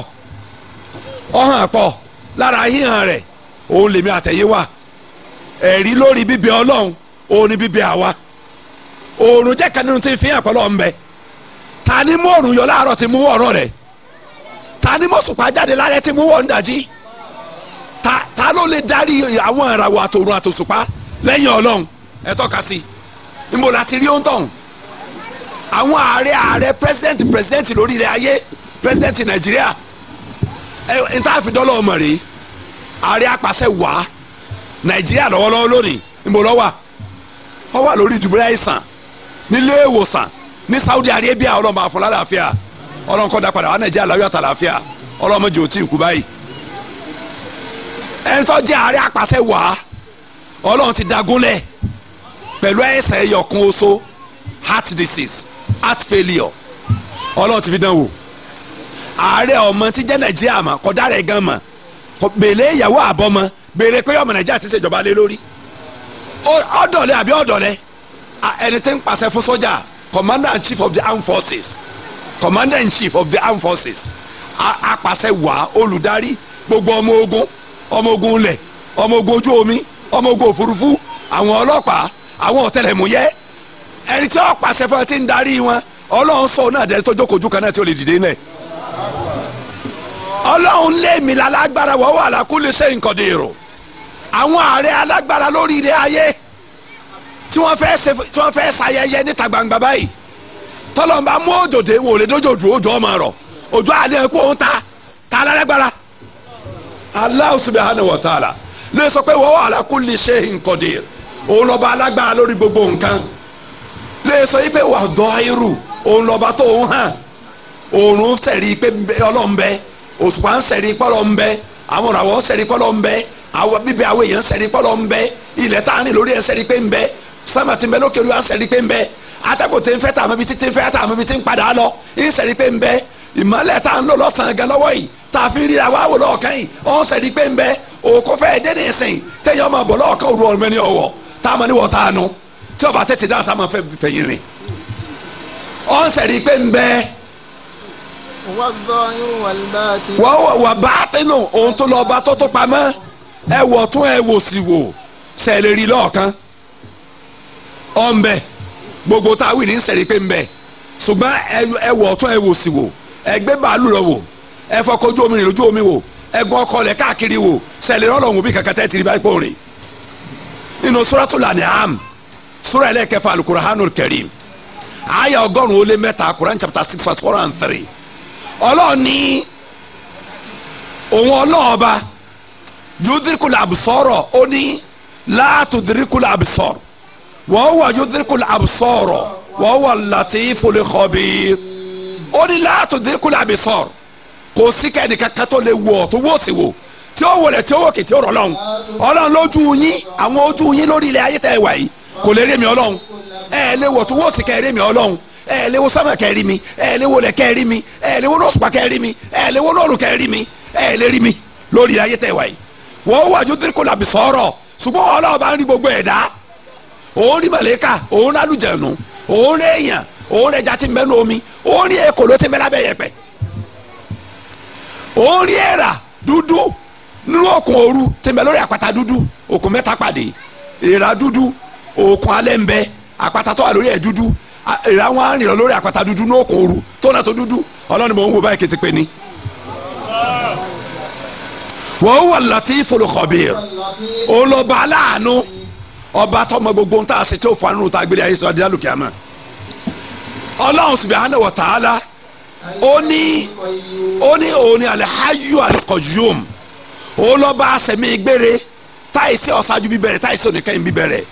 ọ̀hàn àpọ̀ lára híhàn rẹ̀ òun lèmi àtẹ̀yé wà ẹ̀rí lórí bíbẹ ọlọ́run òun ni bíbẹ àwa òòrùn jẹ́ kan tí ń fi hàn pẹ̀lú ọ̀ Tani ni mú òrùn yọ láàárọ̀ ti mú ọ̀rọ̀ rẹ̀ ta ni mú òṣùpá jáde lálẹ́ ti mú wọ̀ dàjí ta ta ló lè darí àwọn ìràwọ̀ àtòrùn àtòṣùpá lẹ́yìn ọlọ́run ẹ tọ́ka sí i níbo la ti rí òǹtọ̀hún àwọn ààrẹ ààrẹ president president lórí ilẹ̀ ayé president nàìjíríà ẹ n tá a fi dọ́lọ́ ọmọ rèé ààrẹ apàṣẹ wàá nàìjíríà lọ́wọ́lọ́wọ́ lónìí níbo ló wà ó wà lórí ìdùbúlẹ̀ àìsàn nílé ìwòsàn ní Saudi Arabia ọlọ́mọ àfọlá làáfíà ọlọ́nkọ́ da padà wà nàìjíríà láyọ̀ àtà làáfíà ọlọ́mọ jò tí ì kú báyìí ẹni tó jẹ́ àárẹ̀ apàṣẹ wàá ọlọ́run ti dagúnlẹ̀ pẹ̀lú ẹ̀sẹ̀ ẹ̀yọ̀kan oṣó heart disease heart failure ọlọ́run ti fi dán wò ààrẹ ọmọ tí jẹ́ nàìjíríà mọ̀ kọ́ dára ẹ̀ gan mọ̀ kò béèrè ìyàwó àbọ̀mọ béèrè pé ọmọ nàìjíríà ti ṣèjọba lé lórí ọ̀dọ̀lẹ̀ àbí ọ̀dọ̀lẹ̀ ẹni tí ń pàṣẹ fún sójà commander in chief of the armed forces commander in chief of the armed forces apàṣẹ wàá olùdarí gbogbo ọmọ ogun ọmọ ogun lẹ̀ ọmọ ogun ojú omi ọmọ ogun òfurufú àwọn ọlọ́pàá àwọn ọ̀tẹlẹ̀múyẹ́ ẹni tí wọ́n pàṣẹ fún ẹ ti ń darí wọn ọlọ́run sọ náà dẹ́rẹ́ tó jókòójú kan náà tí ó lè dìde náà ọlọ́run lé mi lálágbára wọ́wọ́ àlàkùn lè ṣe nǹkan dèrò àwọn ààrẹ alágbára lórí ilẹ̀ ayé tí wọ́n fẹ́ ṣe tí wọ́n fẹ́ ṣayẹyẹ níta gbangba báyìí tọ́lọ́mba mú òjòdè wò lè dójò dúró òjò ọmọ rọ̀ òjò àlẹ́ kó ń ta ta alágbára Allah subhanahu wa ta'ala lè sọ pé wa huwa ala kulli shay'in qadir òun lọ́ba alágbára lórí gbogbo nǹkan lè sọ yí pé wà dọ́ọ̀rù òun lọ́ba tó ń hàn òun sẹ̀rí pé ọlọ́ọ̀nbẹ òṣùpá ń sẹ̀rí pé ọlọ́ọ̀nbẹ àwọn ọ̀ràwọ̀ ń sẹ̀rí pé ọlọ́ọ̀nbẹ bíbẹ àwọn èèyàn ń sẹ̀rí pé ọlọ́ọ̀nbẹ ilẹ̀ tá a rìn lórí ẹ̀ ń sẹ̀rí pé ń bẹ sánmà tí ń bẹ lókè olúwa ń sẹ̀rí pé ń bẹ atẹ́kùn tí ń fẹ́ tààmú ibi títí ń fẹ́ tààmú ibi tí ń padà lọ ń sẹ̀rí pé ń bẹ ìmọ̀lẹ̀ à ń lò lọ́sàn-án gan lọ́wọ́ yìí tá a fi ríra wá wò lọ́ọ̀kan yìí ó ń sẹ̀rí pé ń bẹ òkú fẹ́ dé ní ìsìn téèyàn máa bọ̀ lọ́ọ̀kan òru ọ̀rùn mẹ́ni ọ̀wọ̀ tá a mọ̀ níwọ̀ tá a nu tí ọba tètè dáhùn tá a máa fẹ́ fẹ̀yìn rìn ó ń sẹ̀rí pé ń bẹ. wọ́n wà bátínù ohun tó lọ bá tó tó pamọ́ ẹ wọ̀ tún ẹ wò sí wò sẹ̀lẹ̀ lọ́ọ̀kan ọ̀ ń bẹ gbogbo tá a wí ní sẹ̀rí pé ń bẹ ṣùgbọ́n ẹ wọ̀ ọ̀tún ẹ wò sí wò ẹ gbé bàálù lọ wò ẹ fọkọ̀ ojú omi rìn lójú omi wò ẹ gun ọkọ̀ lẹ̀ káàkiri wò sẹ̀lẹ̀ rọ́lọ́hùn bí kankan tẹ́ ti rí báyìí pò rè nínú suratul an'am sura ẹlẹ́kẹfà al-Qur'anul Karim àyà ọgọ́rùn-ún ó lé mẹ́ta Qur'an chapter six verse four and three ọlọ́ọ̀ni òun ọlọ́ọ̀ba yudrikul absara ó ní la tudrikul absara wa huwa yudrikul absara wa huwa latiful khabir ó ní la tudrikul absar kò sí kẹ́ni kankan tó lè wọ̀ tó wọ́ sí wo tí ó wọlé tí ó wọ̀kì tí ó rọ̀ lọ́hùn ọlọ́run lójú yín àwọn ojú yín lórí ilẹ̀ ayé tẹ́ ẹ wà yìí kò lè rí mi ọlọ́run ẹ ẹ lè wọ̀ tó wọ́ sí kẹ́ ẹ rí mi ọlọ́run ẹ ẹ lè wo sámà kẹ́ rí mi ẹ lè wo lẹ̀ rí mi ẹ lè wo lọ́sùpá kẹ́ rí mi ẹ lè wo lọ́ọ̀rù kẹ́ rí mi ẹ lè rí mi lórí ilẹ̀ ayé tẹ́ ẹ wà yìí wọ́n òun rí màlẹ́kà òun rí alùjẹ̀nu òun rí èèyàn òun rí ẹja tí ń bẹ nú omi òun rí ekòló tí ń bẹ lábẹ́ yẹ̀pẹ̀ òun rí èèrà dúdú nínú òkun òru tí ń bẹ lórí àpáta dúdú òkun mẹ́ta pàdé èèrà dúdú òkun alẹ́ ń bẹ àpáta tó wà lórí ẹ̀ dúdú èèrà wọn rìn lọ lórí àpáta dúdú ní òkun òru tó náà tó dúdú ọlọ́ni mò ń wo báyìí kété pé ni wọ́n wà látí folokọ̀bìr olùbàlà ọba tọmọ gbogbo ń tà ṣe tí ó fọ anú ta gbére ayé sọ adé lálùkẹ́ àmọ́ ọlọ́run subhanahu wa ta'ala ó ní ó ní òun ni al-hayyu al-qayyum òun lọ bá aṣẹ̀mí gbére táìsí ọ̀ṣájú bíbẹ̀rẹ̀ táìsí oníkẹ́yìn bíbẹ̀rẹ̀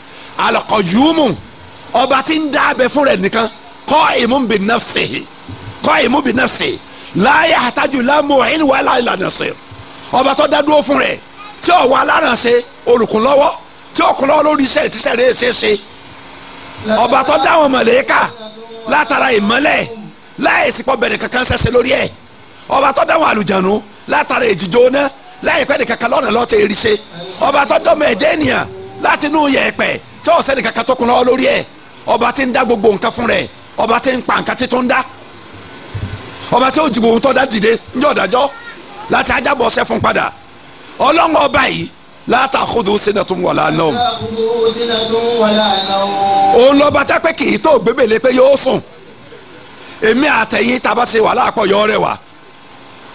al ọba tí ń dábẹ́ fún rẹ̀ nìkan qa'imun bi nafsihi qa'imun bi nafsihi la yahtaju la mu'in wala ila nasir ọba tó dá dúró fún rẹ̀ tí ó wà alárànṣe olùkúnlọ́wọ́ tí ọkùnrin lórí iṣẹ́ ìtísẹ́ rẹ̀ ṣe ṣe ọba tó dáwọn mọ̀lẹ́kà látara ìmọ́lẹ̀ láìsí pọ̀ bẹ̀rẹ̀ kankan ṣẹṣẹ lórí ẹ̀ ọba tó dáwọn àlùjànú látara ìjìjó náà láìpẹ́ ní kankan lọ́nà lọ́tẹ̀ èrì ṣe ọba tó dọ́mọ ẹ̀dẹ́ ènìyàn láti inú yẹ̀ẹ̀pẹ̀ tí ò sẹ́ni kankan tó kun lọ́wọ́ lórí ẹ̀ ọba tí ń dá gbogbo nǹkan fún rẹ̀ ọba tí ń pa nǹkan tí tó ń dá ọba tí ó jìgbò ohun tó dá dìde ńjọ́ ọ̀dájọ́ láti ajábọ̀ ọ̀sẹ̀ fún padà ọlọ́run ọba láta àkóso sinatun wàlá náà. òun lọ́ba tẹ́ pé kì í tó gbébèlé pé yóò sùn èmi àtẹ̀yìn taba ṣe wàhálà pọ̀ yọ rẹ̀ wá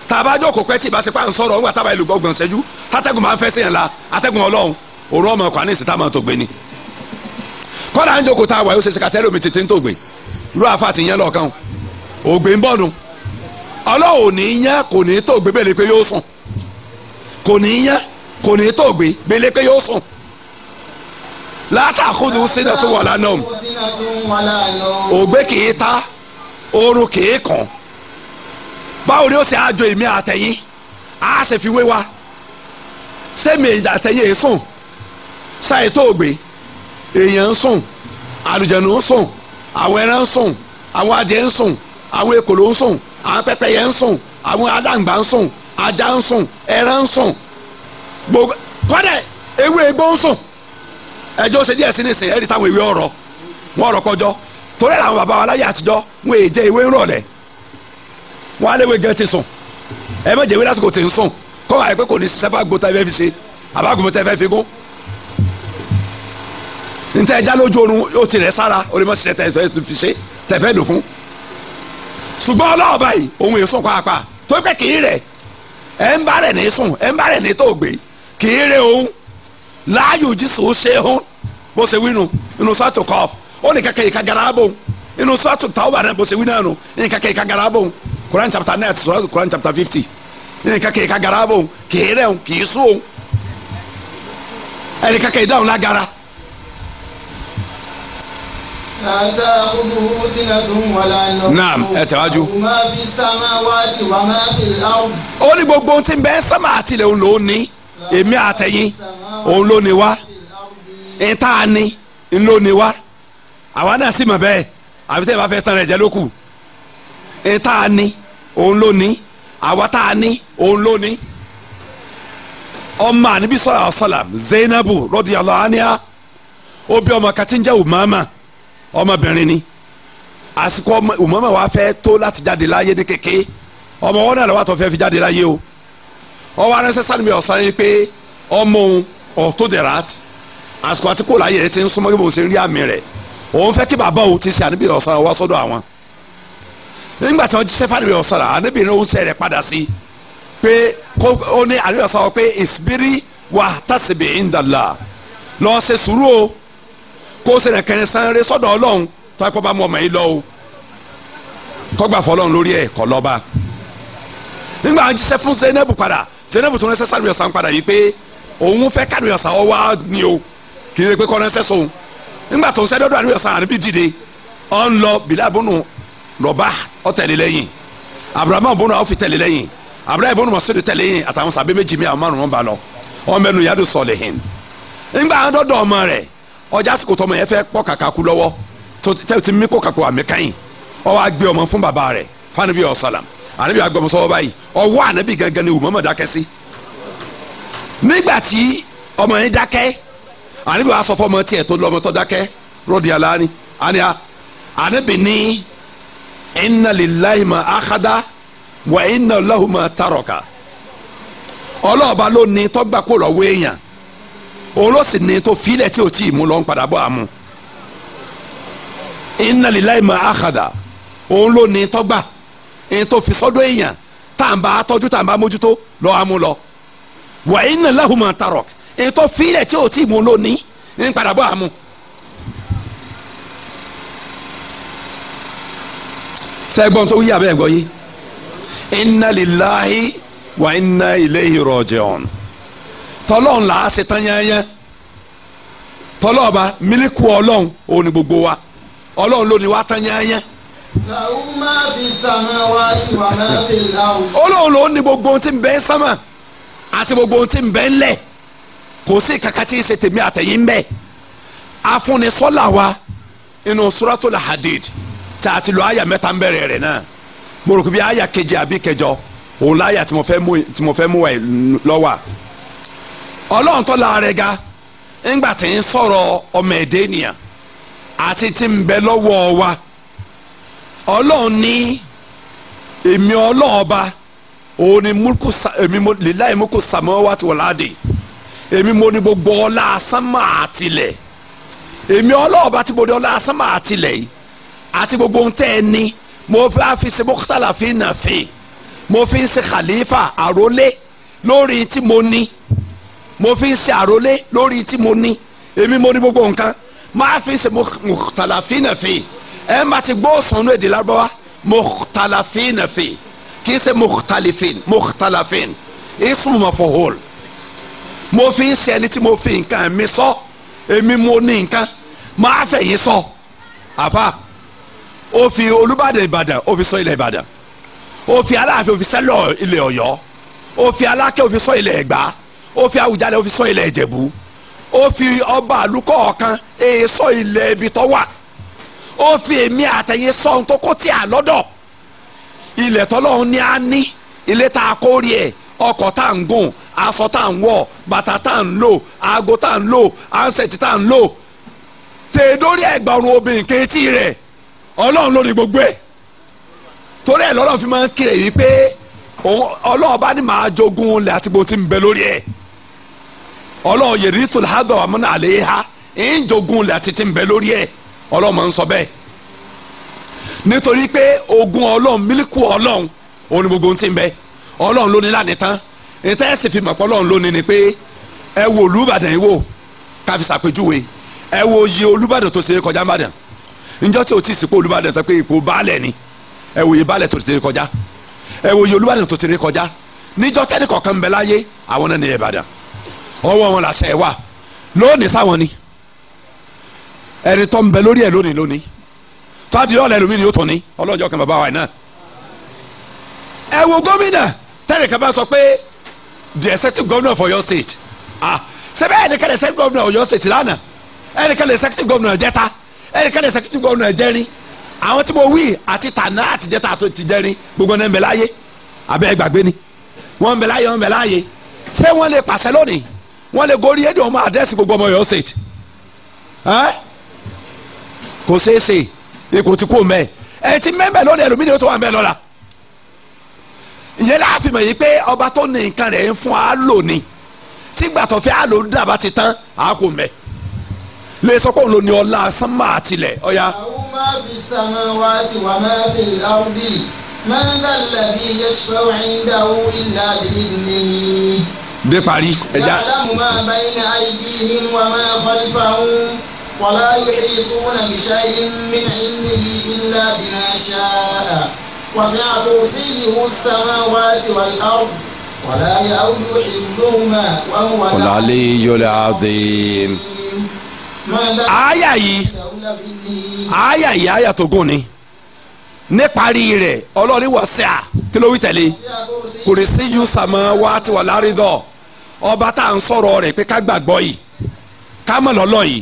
taba jókòó pẹ́ tí ìbáṣepọ̀ à ń sọ̀rọ̀ ńgbà taba ìlú gbọ̀ngàn ṣẹ́jú tátẹ́gùn máa ń fẹ́ sí yẹn la atẹ́gùn ọlọ́run òru ọmọ ọkọ̀ àníṣe tá a máa tó gbé ni kọ́dà ń jókòó tá a wà yóò ṣe ṣe kàtẹ́rì omi tètè ń tó gbé irú àfa ti yẹn lọ́ọ̀kan ògbé ń bọ̀nu ọlọ́run ò ní yẹn kò ní tó gbébèlé pé kò ní tó gbé gbélé pé yóò sùn látàkùdù sínú tó wà lánàá ògbé kìí ta oorun kìí kàn báwo ni ó ṣe àjò èmi àtẹ̀yìn á ṣe fi wé wa sẹ́mi àtẹ̀yìn èé sùn sáyé tó gbé èèyàn ń sùn àlùjẹ̀nu ń sùn àwọn ẹran ń sùn àwọn adìẹ ń sùn àwọn ekòló ń sùn àwọn pẹ́pẹ́yẹ ń sùn àwọn aláǹgbá ń sùn ajá ń sùn ẹran ń sùn gbogbo kọ́dẹ̀ ewé gbóhùnsùn ẹjọ́ ṣe díẹ̀ sí ní ìsìn ẹ̀rí táwọn ewé ọ̀rọ̀ wọn ọ̀rọ̀ kọjọ́ torí àwọn bàbá wa láyé àtijọ́ wọn èyí jẹ́ ewé ńrọ̀lẹ́ wọn aléwé gan ti sùn ẹ má jẹ́ ewé lásìkò tí ń sùn kọ́ wáyé pé kò ní sísẹ́ fà gbóta ẹ̀fẹ́ fi ṣe àbágùnmọ́tẹ́ ẹ̀fẹ́ fi gún níta ẹja lójú oorun ó ti rẹ̀ sára orí mọ́ ṣiṣẹ́ tẹ̀sán ẹ̀ tó fi ṣe tẹ̀fẹ́ lò fún ṣùgbọ́n ọlọ́ọ̀bá yìí òun èso pàápàá tó kẹ́kì í rẹ̀ ẹ̀ ń bá rẹ̀ ní sùn kéere òun láàyò jísù ṣe òun bó ṣe wí nu inú sọ́ọ̀tù kọ́ọ̀f ó ní kẹ́kẹ́ ìka gara bò inú sọ́ọ̀tù tàwùbà bó ṣe wí náà ní kẹ́kẹ́ ìka gara bò Quran chapter nine sọ́ọ̀tù Quran chapter fifty ní kẹ́kẹ́ ìka gara bò kéere òun kì í sú òun ẹni kẹ́kẹ́ ìdáhùn lágara. naam ẹ tẹ̀wájú. ó ní gbogbo ohun tí ń bẹ sẹ́mà àtìlẹ̀ òun lòún ní èmi àtẹ̀yìn òun ló ní wá ìta ni ń ló ní wá àwa náà sì mọ̀ bẹ́ẹ̀ àfi tẹ́ ẹ bá fẹ́ tán rẹ̀ jẹ́ ló kù ìta ni òun ló ní àwa tá a òun ló ní ọmọ àníbi sọlá ọsọlá Zainabu radiyallahu anha ó bí ọmọ kàtí ń jẹ́ Umama ọmọbìnrin ni àsìkò Umama wa fẹ́ tó láti jáde láyé ní kékeré ọmọ wọn náà lọ́wọ́ àtọ́ fẹ́ fi jáde láyé o ọ wá ránṣẹ́ sani mi ọ̀sán yìí pé ọmọ òun ọ̀tó dẹ̀ra àsìkò àti kò láyé ti ń súnmọ́ kí bòun ṣe rí àmì rẹ̀ òun fẹ́ kí bàbá òun ti ṣe àníbi ọ̀sán wá sọ́dọ̀ àwọn nígbà tí wọ́n jíṣẹ́ fáníbi ọ̀sán àníbi ní oúnjẹ rẹ̀ padà sí pé kó ó ní àníbi ọ̀sán wọn pé ìsibiri wà tásìbì ìndàlá lọ ṣe sùúrù o kó o ṣe rẹ̀ kẹrin sanre sọ́dọ̀ ọlọ́run tó ẹ kó fọlọ́run lórí ẹ̀ kọ́ lọ́ba nígbà wọ́n jíṣẹ́ fún Zainab padà Zainabu tó ránṣẹ́ sànúyọ̀ sàn padà yìí pé òun fẹ́ kànúyọ̀ sàn ọ wá ni o kì í ṣe pé kọ́ ránṣẹ́ sóun nígbà tó ń sẹ́dọ̀dọ̀ ànúyọ̀ sàn àníbi dìde ọ ń lọ Bilal bónú rọ̀bá ọ tẹ̀lé lẹ́yìn Abrahamu bónú àwọn fi tẹ̀lé lẹ́yìn Abrahamu bónú mọ̀sídìí tẹ̀lé lẹ́yìn àtàwọn sàbẹ̀ méjì mi àwọn márùn-ún bá lọ ọmọ ẹnu yàdù sọ̀lẹ̀hìn nígbà àwọn dọ́dọ̀ ọmọ rẹ̀ ọjà àsìkò tọmọ yẹn fẹ́ pọ̀ kàkà kú lọ́wọ́ tó ti mí kó kàkó àmì káyìn ó wá gbé ọmọ fún bàbá rẹ̀ fanabi ọ̀sálàmù ànábì agbọmọsọwọ báyìí ọwọ́ ànábì gangan ni Umama dákẹ́ sí nígbà tí ọmọ yẹn dákẹ́ ànábì wa sọ fọmọ tiẹ̀ tó lọ́mọ tó dákẹ́ rọ́ọ̀dì aláàánì àníyá ànábì ní inna lillahi ma akhada wa inna lahu ma taraka ló ní tọ́gbà kó lọ́wọ́ èèyàn òun ló tó filẹ̀ tí ò tí ì mú padà bọ́ àmú inna lillahi ma akhada òun ló ní tọ́gbà ẹni tó fi sọ́dọ̀ èèyàn tàǹbà tọ́jú tàǹbà mójútó lọ́ọ́ amú lọ wà á iná lẹ́hùnmọ́ tarọ̀ ẹni tó fi ilẹ̀ tí ò tí mú lónìí ní padà bọ́ àmú. sẹ́gbọ́n tó yíyà bẹ́ẹ̀ gbọ́ yìí inna lillahi wa inna ilayhi raji'un tọ́lọ́n là á ṣe tán yányán tọ́lọ́ọ̀ba mílíkù ọlọ́run òun ni gbogbo wa ọlọ́run ló ni tán yányán olóhùn ló ní gbogbo ohun tí ń bẹ ń sánmà àti gbogbo ohun tí ń bẹ ń lẹ̀ kò sí kankan tí ń ṣe tèmi àtẹ̀yìn ń bẹ afúnisọ́là wa inú suratul hadid tá a ti lo àyà mẹ́ta ń bẹ̀rẹ̀ rẹ̀ náà mo rò pé bí àyà keje àbí kẹjọ òun láyà tí mo fẹ́ mú ẹ lọ́wọ́ ọlọ́run tó la rẹ̀ ga ńgbà tí ń sọ̀rọ̀ ọmọ ẹ̀dẹ́ ènìyàn àti tí ń bẹ lọ́wọ́ wa ọlọ́run ní èmi ọlọ́run ọba òun ni múlùkù èmi lílá ìmúkù sàmọ́ wá ti wọ̀láde èmi mo ni gbogbo ọlá sánmà àtìlẹ̀ èmi ọlọ́run ọba ti gbogbo ọlá sánmà àtìlẹ̀ yìí àti gbogbo ohun tẹ́ ẹ ní mo fẹ́ fi ṣe mọ́kútàlá fi nà fi mo fi ń ṣe khalifa àrólé lórí tí mo ní mo fi ń ṣe àrólé lórí tí mo ní èmi mo ní gbogbo nǹkan máa fi ṣe mọ́kútàlá fi nà fi ẹ má ti gbọ́ sọnù èdè lárúbáwá mukhtalafin fi kì í ṣe mukhtalifin mukhtalafin ismu mafuhul mo fi ń ṣe ẹni tí mo fi nǹkan mi sọ èmi mo ní nǹkan máa fẹ̀yìn sọ àfa ó fi olùbàdàn ìbàdàn ó fi sọ ilẹ̀ ìbàdàn ó fi aláàfin ó fi sẹ́lọ̀ ilẹ̀ ọ̀yọ́ ó fi aláké ó fi sọ ilẹ̀ ẹ̀gbá ó fi awùjalẹ̀ ó fi sọ ilẹ̀ ìjẹ̀bú ó fi ó fi èmi àtẹ̀yìn sọ ohun tó kó tí a lọ́dọ̀ ilẹ̀ tọ́lọ́run ni a ní ilé tá a kórè ẹ̀ ọkọ̀ tá à ń gùn aṣọ tá à ń wọ̀ bàtà tá à ń lò aago tá à ń lò ansẹ̀tì tá à ń lò tèdórí ẹ̀gbà ọ̀run obìnrin kejì rẹ̀ ọlọ́run ló gbogbo ẹ̀ torí ẹ̀ lọ́rọ̀ fi máa ń kiri wípé ọlọ́run bá ní màá jogún ilẹ̀ àti bó ti ń bẹ lórí ẹ̀ ọlọ́run yẹ̀rí sùlhádọ̀ àmúnà àléhà ń jogún ilẹ̀ àti ti ń bẹ lórí ẹ̀ ọlọ́mọ ń sọ bẹ́ẹ̀ nítorí pé ogun ọlọ́run mílíkù ọlọ́run òun ni gbogbo ń ti ń bẹ ọlọ́run ló ní lánìí tán níta ẹ̀ sì fi mọ̀ pé ọlọ́run ló ni pé ẹ wo olúbàdàn yìí wò káfi sàpèjúwe ẹ wo iye olúbàdàn tó ṣe kọjá ńbàdàn njọ́ tí o ti sìnkú olúbàdàn tó pé ipò baálẹ̀ ni ẹ wo iye baálẹ̀ tó ṣe kọjá ẹ wo iye olúbàdàn tó ṣe kọjá níjọ́ tẹ́nìkọ̀ọ̀kan ń bẹ láyé àwọn náà ní ìbàdàn ọwọ́ wọn làṣẹ wà lónìí sáwọn ni ẹni tó ń bẹ lórí ẹ lónìí lónìí fàdí ọ̀lẹ́ lómi ni ó tún ní ọlọ́jọ́ kan bàbá wa náà. ẹ wo gómìnà tẹ́lẹ̀ kan bá sọ pé the executive governor for your state ah sẹ́bẹ̀ ẹnìkan executive governor of your state lánàá ẹnìkan executive governor jẹ́ta ẹnìkan executive governor jẹ́rin àwọn tí mo wí àti tànà àti jẹ́ta àti ti jẹ́rin gbogbo náà ń bẹ láyé abẹ́ gbàgbé ni wọ́n ń bẹ láyé wọ́n ń bẹ láyé ṣé wọ́n lè pàṣẹ lónìí wọ́n lè gorí ẹ̀dùn ọmọ àdẹ́sì gbogbo ọmọ your state. Eh? kò ṣeé ṣe tí kò mẹ́ ẹ ti mẹ́mẹ́ lónìí ẹlòmíì ó tó wà mẹ́ lọ́la ìyẹn láàfin mọ̀ yìí pé ọba tó ní nǹkan rẹ̀ ń fún wa lò ní tígbà tó fẹ́ àlò dàbà ti tán a kò mẹ́ lè sọ pé òun ló ní ọlá sánmà àtìlẹ̀ ọ̀ya. àwọn máa fi sàmà wá ti wà máa fi láwùdí máa ń dàlẹ́ bí iye ṣọ́ọ̀ ń dáwọ́ ìlà bí ní. dé parí ẹja. yàrá mo máa bá iná àìdí ìhìn wa máa fọ́lífà ń. ولا يحيطون بشيء من علمه إلا بما شاء وسع كرسيه السماوات والأرض ولا يؤد حفظهما وهو العلي العظيم àyà yìí àyà yìí àyà tó gùn ni níparí rẹ̀ ọlọ́run wà sí à kí ló wí tẹ̀lé kò lè sí yú sàmọ́ wá ti wà lárí dọ̀ ọba tá à ń sọ̀rọ̀ rẹ̀ pé ká gbàgbọ́ yìí ká mọ̀ lọ́lọ́ yìí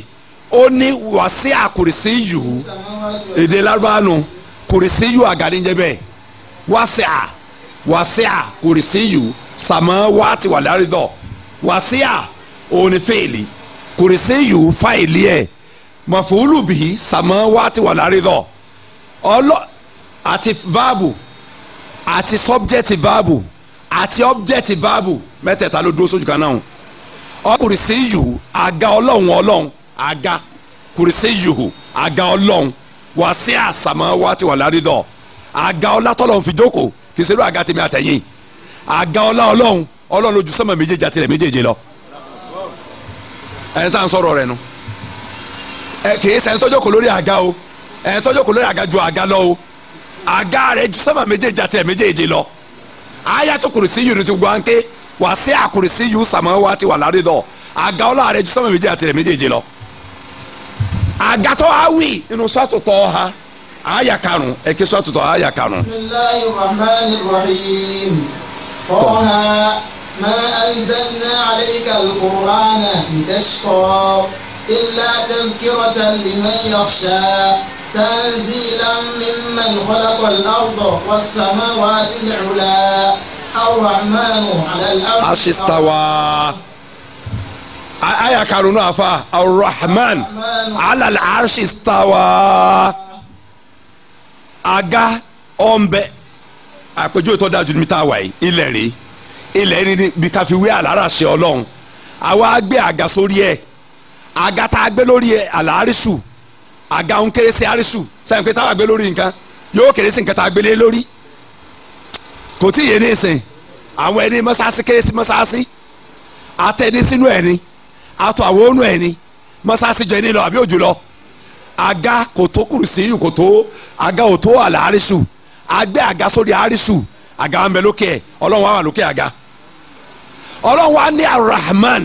ó ní wàsí àkùrìsí yù ú èdè lárúbáwá nù kùrìsí yù àgàdé jẹ bẹ́ẹ̀ wàsí à wàsí à kùrìsí yù ú sàmọ́ wá ti wà lárí dọ̀ wàsí à òun ni fèèlì kùrìsí yù ú fáìlì ẹ̀ mọ̀fúlù bì sàmọ́ wá ti wà lárí dọ̀ ọlọ́ àti váàbù àti sọ́bjẹ́tì váàbù àti ọ́bjẹ́tì váàbù mẹ́tẹ̀ẹ̀ta ló dúró sójú kan náà ọkùnrin sí yù àga ọlọ́run ọlọ́run àga kurisiyuhu àga ọlọ́run wà sí àsàmọ́ wá ti wà lárídọ̀ àga ọlá tọ́lọ́run fi jókòó kì í ṣe irú àga tèmi àtẹ̀yìn àga ọlá ọlọ́run ọlọ́run lójú sọ́mọ méjèèjì àti rẹ̀ méjèèjì lọ. ẹni tá à ń sọ̀rọ̀ rẹ̀ nu ẹ kì í ṣe ẹni tó jókòó lórí àga o ẹni tó jókòó lórí àga ju àga lọ o àga rẹ̀ ju sọ́mọ méjèèjì àti rẹ̀ méjèèjì lọ. àyà tó kurisiyuhu ni ti gbọ́ àǹké wà sí àkurisiyuhu sàmọ́ wá ti wà lárídọ̀ àga ọlá rẹ̀ ju sọ́mọ méjèèjì àti rẹ̀ méjèèjì lọ àgàtọ̀ awì inú sọ́tòtò ha àyà karùn ẹ̀kí sọ́tòtò àyà karùn. bisimilayi rahman rahim kọ́ha ma anzalna alayka al-qur'ana litashqa illa tadhkiratan liman yakhsha tanzila mimman khalaqa al-arda was aya karùnún afa arahman alal arshi stawa aga ọ̀nbẹ àpèjúwe tó dájú mi tá a wà yìí ilẹ̀ rèé ilẹ̀ ní bí ká fi wé àláràṣẹ ọlọ́run àwa gbé àga sórí ẹ̀ àga tá a gbé lórí ẹ̀ àlárìṣù àga ń kéré sí àrìṣù sẹ́yìn pé táwa gbé lórí nǹkan yóò kéré sí nǹkan tá a gbélé lórí kò tí ì yé ní ìsìn àwọn ẹni mọ́sáàsì kéré sí mọ́sáàsì àtẹni sínú ẹni atọ àwọn ònú ẹ̀ ni mọ́sáàsì jọ ẹni lọ àbí òjò lọ àga kò tó kùrùsíyù kò tó àga ò tó àlà àríṣù àgbẹ̀ aga, sórí àríṣù àga wa ń bẹ lókè ẹ̀ ọlọ́run wa wà lókè àga ọlọ́run wa ní arahman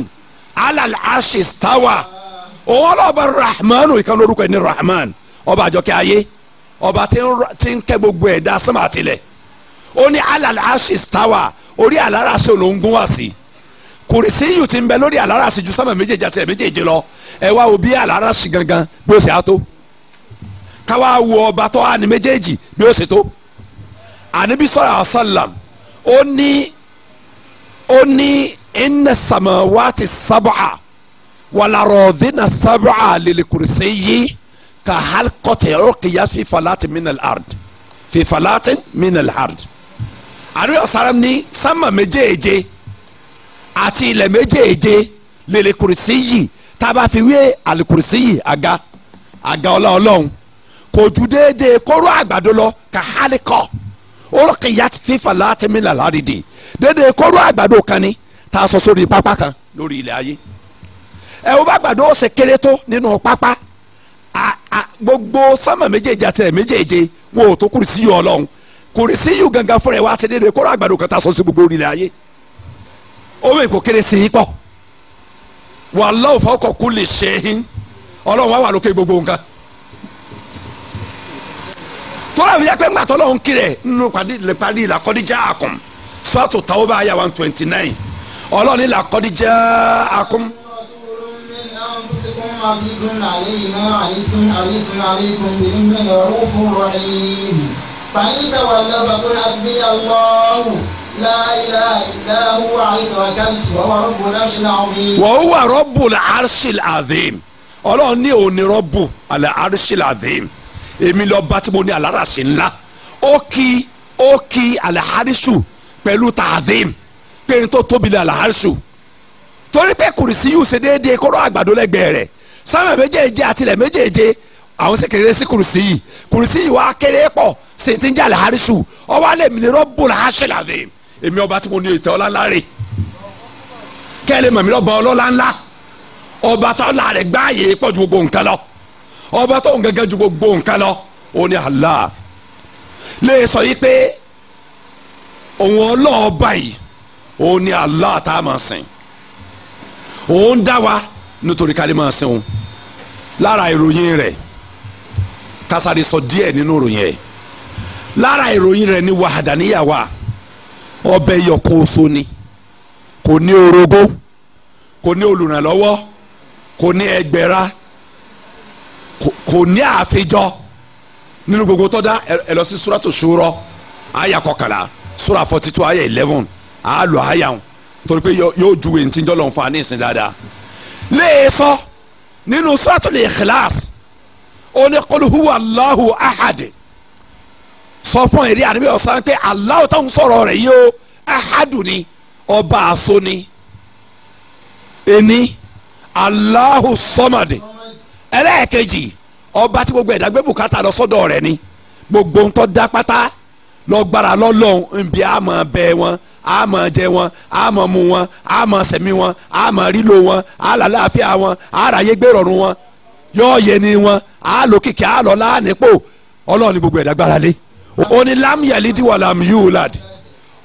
alal ashis tawa òun ọlọ́ọ̀bà rahmanu ìkan lórúkọ ẹ̀ ní rahman ọba àjọkẹ́ ayé ọba tí ń kẹ́ gbogbo ẹ̀dá sọ́mà tilẹ̀ ó ní alal ashis tawa orí àlàràṣẹ́ olóńgún wá sí i kòrìsí yìí ti ń bẹ lórí àlárasì ju sánmà méjèèjì àti ẹ̀méjèèjì lọ ẹ wá wo bí àlárasì gangan bí ó ṣe á tó káwá wo ọba tó á ní méjèèjì bí ó ṣe tó àníbi sọ̀rọ̀ àṣàlám ó ní ó ní inna samawati sab'a walarodina sab'a lilikùrìsí yìí ka halqati uqiyat fi falati minal ard fi falati minal ard àníbi sọ̀rọ̀ ní sánmà méjèèjì àti ilẹ̀ méjèèje lèlè kùrìsì yìí tá a bá fi wé àlùkùrìsì yìí àga àga ọlá ọlọ́run kò ju déédéé kóró àgbàdo lọ ká hálíkọ́ orúkọ ìyá fífa láti mí là ládìdì déédéé kóró àgbàdo kan ni tá a sọ sórí pápá kan lórí ilẹ̀ ayé ẹ wo bá àgbàdo ó ṣe kéré tó nínú pápá gbogbo sánmà méjèèje àti ilẹ̀ méjèèje wo tó kùrìsì yìí ọlọ́run kùrìsì yìí gangan fúnra ẹ wá ṣe déédéé kóró àgbàdo kan tá a sọ sí gbogbo orílẹ̀ ayé owó èkó kere sí i pọ̀ wallahu fawqa kulli shay'in ọlọ́run wá wà lókè gbogbo nǹkan tọ́lá fi yẹ pé ńgbà tọ́lọ́run kiri ẹ̀ nínú parí làkọ́díjà àkùn sọ́ọ̀tù Tawba àyà one twenty nine ọlọ́run ní làkọ́díjà àkùn. fàyín tẹ̀wọ̀ lọ́bàkún asbiya Allahu. لا إله إلا هو عز وجل وهو رب العرش العظيم وهو رب العرش العظيم ọlọ́run ní òun ni rọ́bù àlẹ́ àrísìlẹ̀ àdéhùn èmi lọ bá tí mo ní aláràsì ńlá ó kí ó kí àlẹ́ àrísù pẹ̀lú tàdéhùn pé n tó tóbi lẹ́ àlẹ́ àrísù torí pé kùrìsì yìí ṣe déédéé kóró àgbàdo lẹ́gbẹ̀ẹ́ rẹ̀ sámẹ̀ méjèèje àtìlẹ̀ méjèèje àwọn sì kéré sí kùrìsì yìí kùrìsì yìí wá kéré pọ̀ sì ti ń jà àlẹ́ mi ni rọ́bù àṣẹ làdéhùn èmi ọba tí mo ní ìtẹ́ ọlá ńlá rè kẹ́lẹ́ mọ̀mí lọ́ba ọlọ́lá ńlá ọba tọ́lá rẹ̀ gbáàyè pọ̀ ju gbogbo nǹkan lọ ọba tó ń gẹ́gẹ́ ju gbogbo nǹkan lọ ó ní Allah lè sọ yìí pé òun ọlọ́ọ̀ba yìí ó ní Allah tá a máa sìn òun dá wa nítorí ká lè máa sìn òun lára ìròyìn rẹ̀ kásáré sọ díẹ̀ nínú ìròyìn ẹ̀ lára ìròyìn rẹ̀ ni wàhádà níyàwó a ọbẹ̀ yọkan oṣù ni kò ní orogó kò ní olùrànlọ́wọ́ kò ní ẹgbẹ̀ra kò ní àfijọ́ nínú gbogbo tó ẹ lọ sí suratu ṣúrọ àyà kọkànlá sura forty two àyà eleven àlọ àyà wọn torí pé yóò ju èyí tí ń jọlọ ń fa ní ìsìn dáadáa lè e sọ nínú suratul ikhlas ó ní qul huwa Allahu ahad sọ fún èrè àníbí ọ̀sán pé Allah táwọn sọ̀rọ̀ rẹ̀ yìí ó ahadu ni ọba àso ni ení Allahu samadi ẹlẹ́ẹ̀kejì ọba tí gbogbo ẹ̀dá gbé bùkátà lọ sọ́dọ̀ rẹ̀ ni gbogbo ńtọ́ dá pátá lọ gbára lọ́lọ́hún nbí a máa bẹ wọn a máa jẹ wọn a máa mu wọn a máa sẹ̀mí wọn a máa rílò wọn a wọn a gbèrọ̀rùn wọn yọ̀ọ́ yẹni wọn a lò kìkì ọlọ́ọ̀ni gbogbo ẹ̀dá lé ó ní lam yalidi wa lam yulad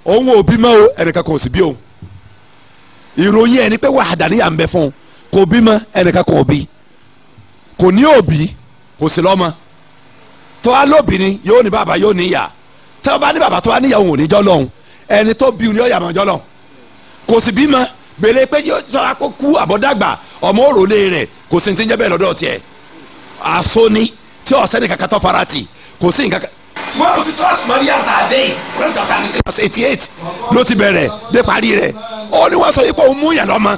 òun ò bímọ o ẹnìkan kò sì bí òun ìròyìn ẹni pé wàhádàníyà ń bẹ fún un kò bímọ ẹnìkan kò bí kò ní òbí kò sí lọ́mọ tó a lóbìnrin yóò ní bàbá yóò ní ìyá tó a bá ní bàbá tó a níyàwó ò jọ́ lọ́hùn ẹni tó bí ni ó yà máa jọ́ lọ́hùn kò sì bímọ gbèlè pé yóò sọ akókú àbọ̀dàgbà ọmọ òròlé rẹ̀ kò sì ti ń jẹ́ bẹ́ẹ̀ lọ́dọ̀ tiẹ̀ àsóní tí ọ̀sẹ́ni kankan tó fara kò sí nǹkan ṣùgbọ́n o ti sọ́ọ̀tì mọ́rí àtà àdé yìí rẹ̀ jọ tani ti. verse eighty eight ló ti bẹ̀rẹ̀ dé parí rẹ̀ ó ní wọ́n sọ yìí pé òun mú yàn lọ́mọ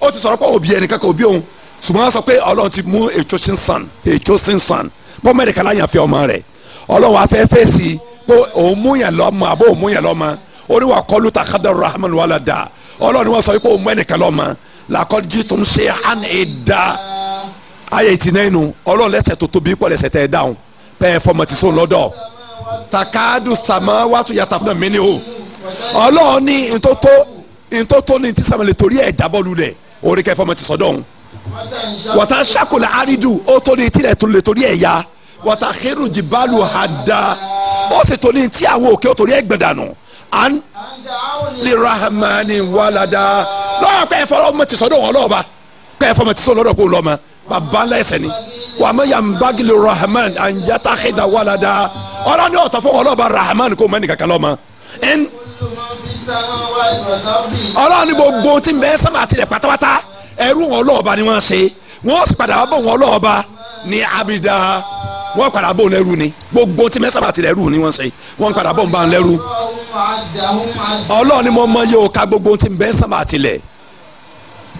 ó ti sọ̀rọ̀ pé òbí ẹnìkan kò bí òun ṣùgbọ́n wọ́n sọ pé ọlọ́run ti mú a chosen son a chosen son bọ́mọ ẹ̀ríkà láyàn fẹ́ ọmọ rẹ̀ ọlọ́run wàá fẹ́ fẹ́ sí i pé òun mú yàn lọ́mọ àbó òun mú yàn lọ́mọ ó ní rahman walada ọlọ́run wọ́n sọ pé òun mú ẹnìkan lọ́mọ làkọ́jú tó ń ṣe hàn é da ayé ìtìnẹ́nu ọlọ́run lẹ́sẹ̀ tó tóbi pọ̀ lẹ́sẹ̀ tẹ́ ẹ dáhùn pẹ́ẹ́ fọmọ tìṣó lọ́dọ̀ takadu sama watu yatafuna fúnà mí ni o ọlọ́run ni ntótó ntótó ní ti sàmìlẹ̀ torí ẹ̀ jábọ́lu rẹ̀ orí kẹfọ́ mi ti sọ́dọ̀ ọ̀hún wọ́tá sakola aridu ó tó ní tilẹ̀ tó lè torí ẹ̀ ya wọ́tá jibalu hada ó sì tó ní ti àwọn òkè ó torí ẹ̀ an lè rahamani walada lọ́wọ́ pẹ́ fọlọ́ mi ti sọ́dọ̀ ọ̀hún ọlọ́ọ̀ba pẹ́ fọ́ mi ti sọ́dọ̀ ọ̀dọ̀ kó lọ́ọ́ ma bàbá ńlá ẹ̀sẹ̀ ni. Wa má yàn bagili rahman anjata xida walada ọlọ́run ni ọ̀tọ̀ fún ọlọ́ba rahman kò mẹ́ni kankan lọ́mọ. ọlọ́run ni gbogbo tí ń bẹ sánmà àti ilẹ̀ pátápátá ẹrú wọn ni wọ́n ṣe wọ́n sì padà bọ̀ wọn ọlọ́ọ̀ba ní abidà wọ́n padà bọ̀ lẹ́rú ni gbogbo tí ń bẹ sánmà àti ni wọ́n ṣe wọ́n padà bọ̀ nbà lẹ́rú. ọlọ́run ni mo mọ iye òka gbogbo tí ń bẹ sánmà àti ilẹ̀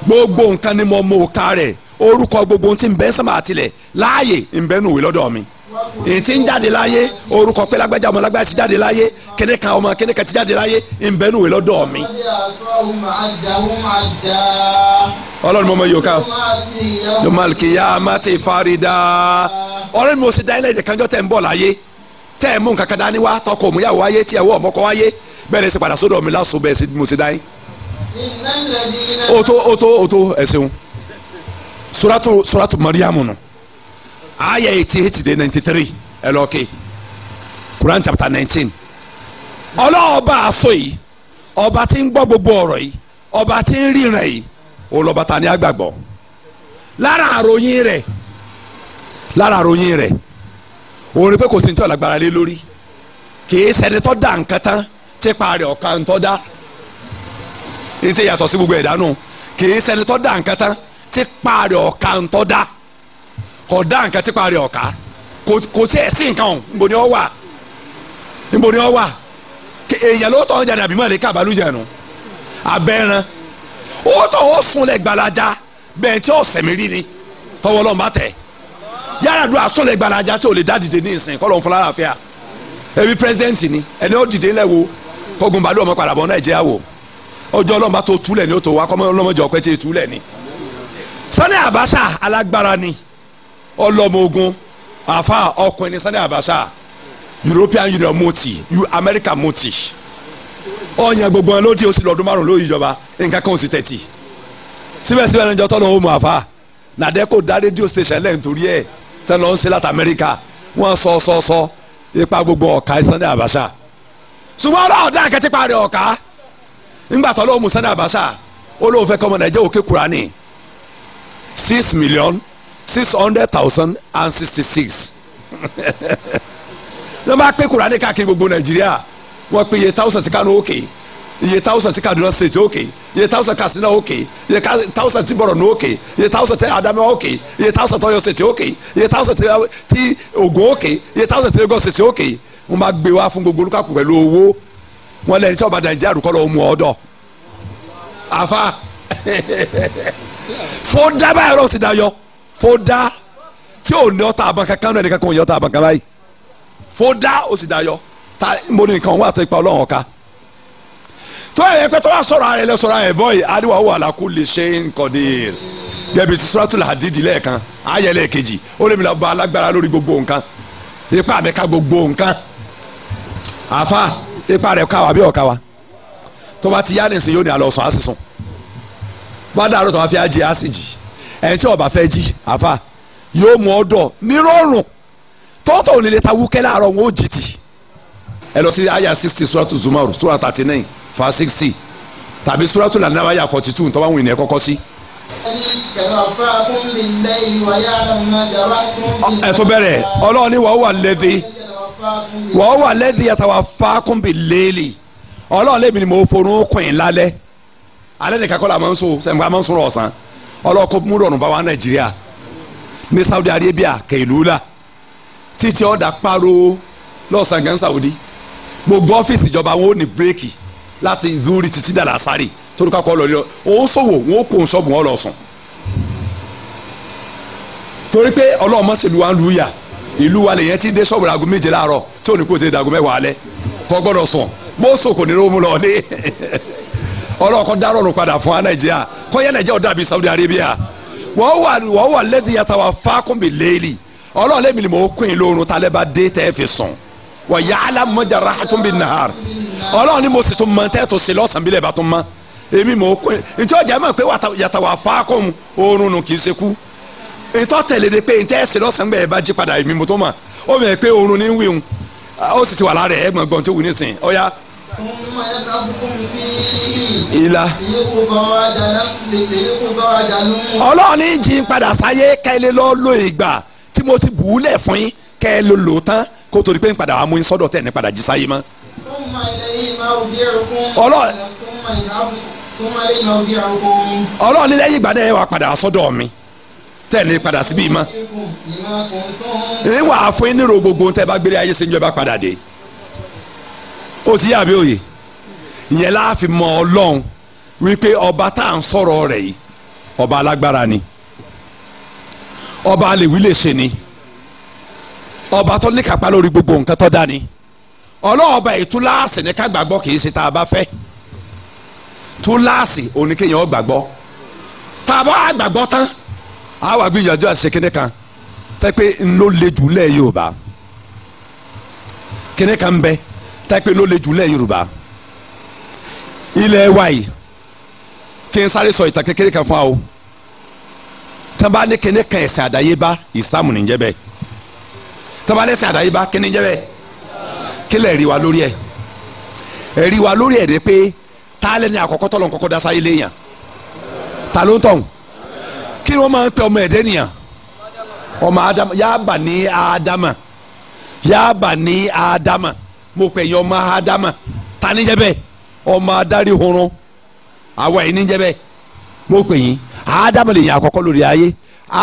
gbogbo nǹkan ni mo mọ òka rẹ̀ orúkọ gbogbo tí ń bẹ sánmà àtilẹ̀ láàyè ń bẹ nùwé lọ́dọ̀ mi èyí tí ń jáde láyé orúkọ pé lágbájá ọmọ lágbájá ti jáde láyé kíní kan ọmọ kíní kan ti jáde láyé ń bẹ nùwé lọ́dọ̀ mi. ọlọ́run mọ́mọ́ yòókà yomalkiya mati farida ọlọ́run mo sì dá ilé ìdẹ̀kanjọ́ tẹ̀ ń bọ̀ láyé tẹ́ ẹ̀ mú nǹkan kan dání wá tọkọ òmùyàwó wáyé tí ẹ̀ wọ́ ọmọkọ wáyé bẹ́ẹ̀ ni ẹ sì padà sódò mi lásùn bẹ́ẹ̀ mo sì dá yín. o tó o tó o tó ẹ ṣeun suratu suratu mariamu nu aya eighty eight de ninety three ẹ lọ quran chapter nineteen ọlọ́ọ̀ba àṣọ yìí ọba tí ń gbọ́ gbogbo ọ̀rọ̀ yìí ọba tí ń ríran yìí olọba ta ni agbàgbọ́ lára àròyìn rẹ̀ lára àròyìn rẹ̀ òun rí pé kò sí ní tí ọ̀làgbára lé lórí kìí sẹ́ni tó dá nǹkan tán tipa rẹ̀ ọ̀kan tó dá ní tí yàtọ̀ sí gbogbo ẹ̀dá nù kìí sẹ́ni tó dá nǹkan tán tí parí ọ̀ka ńtọ́ da kò dá nǹkan tí parí ọ̀ka kò sí ẹ̀sìn nǹkan ọ̀hún níbo ni ọ wà níbo ni ọ wà èèyàn ló jáde àbí kábàlú jẹ̀nu abẹ́ran ó tọ̀ ó súnlẹ̀ gbalaja bẹ́ẹ̀ tí ó sẹ̀mí ni tọwọ́ lọ́n bá tẹ̀ yàrá gbalaja tí ò lè ní ìsìn kọ́ lọ́n fún ẹbí pírẹsidẹ́ǹtì ni ẹni ó dìde wo kọ́gun bàdó ọmọ padà bọ́ Nàìjíríà wò ọjọ́ tó túlẹ̀ ni ó tó Sani Abacha alágbára ni ọlọ́mọ ogun àfa ọkùnrin ni Sani Abacha European Union moti America moti ọ̀yàn gbogbo ẹ̀ lóde oṣù lọ́dún márùn lórí ìjọba nǹkan kan oṣù tẹ̀tì síbẹ̀síbẹ̀ ní ìjọ́tọ̀ lọ́wọ́ mu àfa nàdẹ́kò dá rédíò station lẹ́yìn torí ẹ̀ tẹ́lọ̀ ń ṣe láti Amẹ́ríkà wọ́n sọ sọ sọ ipa gbogbo ọ̀ka Sani Abacha ṣùgbọ́n ọ̀rọ̀ ọ̀dà kẹ́tí parí ọ̀ka ńgbàtọ́ lọ́wọ́ mu Sani Abacha ó lóun fẹ́ kọ́mọ Nàìjíríà òkè Kúránì six million six hundred thousand and sixty six ní wọ́n bá pé kurani káàkiri gbogbo nàìjíríà wọ́n pe iye thousand ti kánú òkè iye thousand ti kaduna state òkè iye thousand katsina òkè iye thousand ti borno òkè iye thousand ti adamawa òkè iye thousand ti ọ̀yọ́ state òkè iye thousand ti ogun òkè iye thousand ti lagos state òkè wọ́n bá gbé wá fún gbogbo olùkàkùn pẹ̀lú owó wọ́n lẹ́ni tí ọba nàìjíríà rúkọ́ lọ́wọ́ mú ọ dọ̀ àfa fọdá báyìí ọlọ́run da dayọ fọdá tí ò ní ọta àbọn kankan náà ẹnìkan kan ò ní ọta àbọn kan báyìí fọdá ó sì dayọ ta mo ní nǹkan wà tó ipa ọlọ́run ọ̀ka tó yẹ pé tó bá sọ̀rọ̀ ara ẹ lọ sọ̀rọ̀ ara bọ́ yìí aliwa wà lákú lè ṣe nǹkan dé gẹ̀bí suratul hadidi lẹ́ẹ̀kan ayẹ lẹ́ẹ̀kejì ó lè mi lọ ba alágbára lórí gbogbo nǹkan ipá mi ká gbogbo nǹkan àfa ipá rẹ̀ ká wa bí ọ̀ka tó bá ti yá nìsín yóò ní alọ́ sùn bá dàrú tó wá fi àjì á jì ẹni tí ọba fẹ́ jí àfa yóò mú ọ dọ̀ tọ́tọ̀ ò ta wúkẹ́ láàárọ̀ wọn ò jì tì ẹ lọ sí àyà sixty suratu thirty fa sixty tàbí suratu nàdínláwà àyà forty two ntọ́wá wọ̀nyí ni kọ́kọ́ sí. ẹ tó bẹ̀rẹ̀ ọlọ́run ni wà lẹ́dí wà lẹ́dí ọlọ́run lèmi ni mo forún kùn in alẹ́ de kọ́ la máa ń sùn sẹ́yìn bá máa ń sùn ọ̀sán ọlọ́kọ́ múdọ̀nù bá wa nàìjíríà ní Saudi Arabia kẹ̀lúlà títí ọ̀dà paro lọ́sàn gan Saudi gbogbo ọ́fíìsì ìjọba wọn ò ní bírèkì láti lórí títí dàlà sáré torí kakọ lọ lọ òun sòwò wọn ò kó òun sọ́gun ọ̀lọ́ sùn torí pé ọlọ́mọ sèlú wa ń lu yà ìlú wa lèyẹn ti dé sọ́ọ̀bù làgùn méje láàárọ̀ tí ò ní kó o ti dàgùn mẹ́wàá alẹ́ sùn bó sòkò ní rómù lọ́ọ́lé [laughs] ọlọ́kọ́ dá rọrùn padà fún wa nàìjíríà kó yẹ nàìjíríà ó dàbí Saudi Arabia wọ́n wà wọ́n wà lẹ́dí yàtàwà fákùnbí léèlì ọlọ́run lẹ́mi ni mò ń kún in lóorun tá bá dé tẹ́ fi sùn wọ́n yà á la rahatun bin nahar ọlọ́run ni mo sì tún mọ tẹ́ tó ṣe lọ́sàn-án bí lẹ́ bá tún mọ́ èmi mò ń kún in ntí ọjà mọ̀ pé yàtàwà fákùn oorun nù kì í ṣe ntọ́ tẹ̀lé de pé ntẹ́ ṣe lọ́sàn gbẹ̀ bá jí padà èmi mo tó mọ̀ ó mẹ̀ pé oorun ní wíwùn ó sì ti wà lára ẹ̀ gbọ̀ngbọ̀n tó wù nísìnyí ọ̀ya ìlà. ọlọ́run ní jí padà sáyé ká ẹ lo ìgbà tí mo ti bù ú lẹ̀ fún yín ká ẹ lè lò ó tán kó torí pé ń padà wà mú yín sọ́dọ̀ tẹ̀ ní padà jí sáyé mọ́. ọlọ́run ọlọ́run ní lẹ́yìn ìgbà náà ẹ wà padà sọ́dọ̀ mi tẹ̀ ní padà síbí mọ́. ń wà nírò gbogbo tẹ́ bá gbére ayé ṣe ń padà dé ó ti yá àbí òye ìyẹn la fi mọ ọlọ́run wípé ọba tá à ń sọ̀rọ̀ rẹ̀ yìí ọba alágbára ni ọba alèwí lè ṣe ni ọba tó ní kápá lórí gbogbo nǹkan tó dá ni ọlọ́ọ̀ba yìí túláàsì ní ká gbàgbọ́ kì í ṣe tá a bá fẹ́ túláàsì oníkéèyàn gbàgbọ́ tá a bá gbàgbọ́ tán a wà gbìyànjú àṣẹ kíní kan tẹ́ pé ń ló jù lẹ́ẹ̀ Yorùbá kíní kan ń tẹ́pẹ́ ló le jù lẹ́ yorùbá ilẹ̀ wa yìí kí n sáré sọ ìtàn kékeré kan fún wa o tẹ́nba ní kíni kan ẹ̀sìn àdáyébá ìsàmù ní jẹ́ bẹ́ẹ̀ tẹ́nba ní ẹ̀sìn àdáyébá kíni jẹ́ bẹ́ẹ̀ kí lẹ̀ rí wa lórí ẹ̀ ẹ̀rí wa lórí ẹ̀ dé pé ta lẹ́ni àkọ́kọ́ tọ́lọ́ kọ́kọ́ dá sáyé léèyàn ta ló ń tọ̀hún kí wọ́n máa ń pẹ́ ọmọ ẹ̀dẹ́ nìyàn ọmọ adama yaba ní adama yaba ní adama mo pè yín ọmọ adama ta ní jẹ́ ọmọ adarí hurun awa yìí ní jẹ́ bẹ́ẹ̀ mo pè yín adama lè yàn àkọ́kọ́ lórí ayé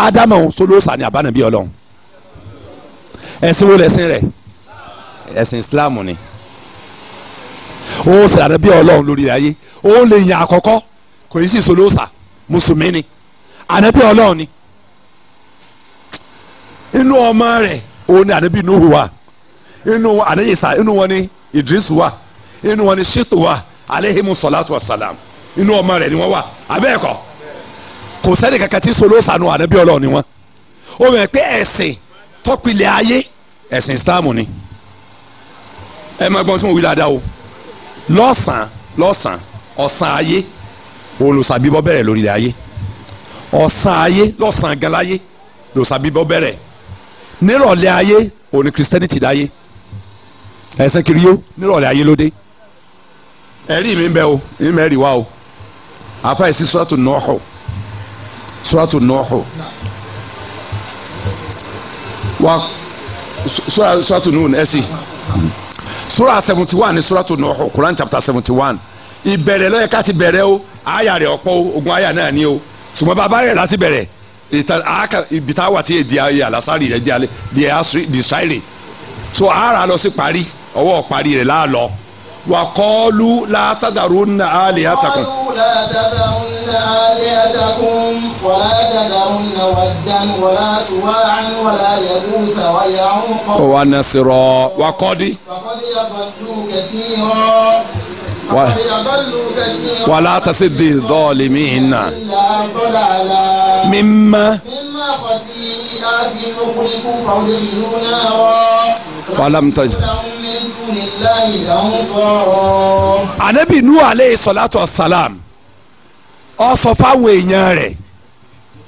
adama solóòsà ni àbánàbí ọlọ́run ẹ̀sìn wo lẹ̀sìn rẹ̀ ẹ̀sìn islam ni O sì ànábí ọlọ́run lórí ayé ó lè yàn àkọ́kọ́ kò ní sí solóòsà mùsùlùmí ni Anabi ọlọ́run ni inú ọmọ rẹ̀ òun ni ànábí Nuhu wà. inú wọn àlẹ́ ìsà inú wọn ni Idris wà inú shitu wà alayhimu salatu wa salam inú ọmọ rẹ̀ ni wọ́n wà abẹ́ẹ̀kọ́ kò sẹ́ni kankan tí solo sanu ànábì ọlọ́ọ̀ ni wọ́n ó mọ̀ pé ẹ̀sìn tọ́pilẹ̀ ayé ẹ̀sìn Islam ni ẹ máa gbọ́n tí mo wí dáadáa o lọ́sàn-án lọ́sàn-án ọ̀sán ayé olùsàbíbọ́ bẹ̀rẹ̀ lórí ilẹ̀ ayé ọ̀sán ayé lọ́sàn-án gan láyé olùsàbíbọ́ bẹ̀rẹ̀ nírọ̀lẹ́ ayé òní Christianity dáyé ẹsẹ̀ kiri yó nírọ̀lẹ́ ayé ló dé ẹ̀rí mi ń bẹ o ní mẹ́rin wá o àfa yìí sí suratu Nuhu suratu Nuhu wa suratu Nuhu ẹ̀ sura seventy one suratu Nuhu Quran chapter seventy one ìbẹ̀rẹ̀ ló yẹ ká ti bẹ̀rẹ̀ o àyà rẹ̀ ọ̀pọ̀ ogun àyà náà ni o ṣùgbọ́n bàbá rẹ̀ láti bẹ̀rẹ̀ ibi tá a wà tí èdè àyà lásàrì rẹ̀ di àlẹ́ di àṣírí di so àárà lọ sí parí ọwọ́ parí rẹ̀ láàlọ́ wà kọ́ọ́lù látàdàrú nà àlè àtàkùn. kọ́ọ́lù látàdàrú nà àlè àtàkùn wàlá dàdàrú nà wàdàn wàlá sùwàrán wàlá yàgù sàwáyà ń kọ́. kọ́ wa nà sírọ̀ wà kọ́ọ́dí. kọ́ọ́dí yàgbọ́dù kẹ̀kí rán di dọ́ọ̀lì miin na mímá. mímá kọ̀tí àti nukuri kú fàwọn ìlú náà wọ́n falamtaj. anabi nuhu aleyhi salatu wa salam ó sọ fáwọn èèyàn rẹ̀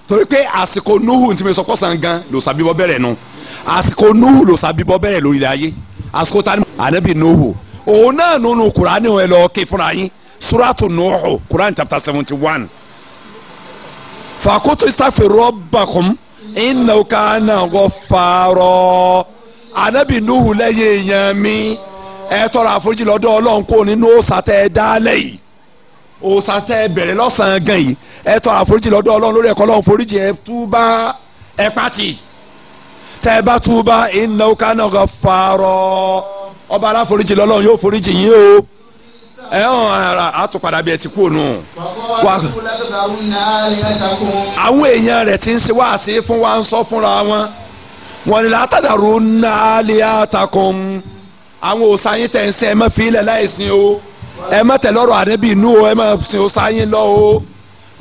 torí pé àsìkò nuhu tí mi sọ kọsàn gan ló sàbíbọ bẹ̀rẹ̀ nu àsìkò nuhu ló sàbíbọ bẹ̀rẹ̀ lórí ilẹ̀ ayé àsìkò tani anabi nuhu òun náà nínú kuraani wọn lọ ké fúnra yín suratu nuhu quran chapter seventy one fakutu isafe rọbakum inna kana gọfarọ. anabi nuhu lẹ́yìn èèyàn mi ẹ tọrọ àforíjì lọ́dọ̀ ọlọ́run kò nínú òòṣà tẹ ẹ dálẹ̀ yìí òòṣà tẹ ẹ bẹ̀rẹ̀ lọ́sàn-án gan yìí ẹ tọrọ àforíjì lórí foríjì ẹ ẹ pàtì tẹ ẹ bá ká náà kọ ọba aláforíjì o ẹ ara àtúpadà bí ẹ ti kú ònú. àwọn èèyàn rẹ̀ ti ń ṣe wáàsí fún wa ń sọ fúnra wọn. wọ́n ní látàdàrú nàálẹ́ àtàkùn àwọn òòṣà yín tẹ̀ ń sẹ́ ẹ má fi ilẹ̀ láì sìn o ẹ má tẹ̀ lọ́rọ̀ ànábì inú o ẹ má sin òòṣà yín lọ o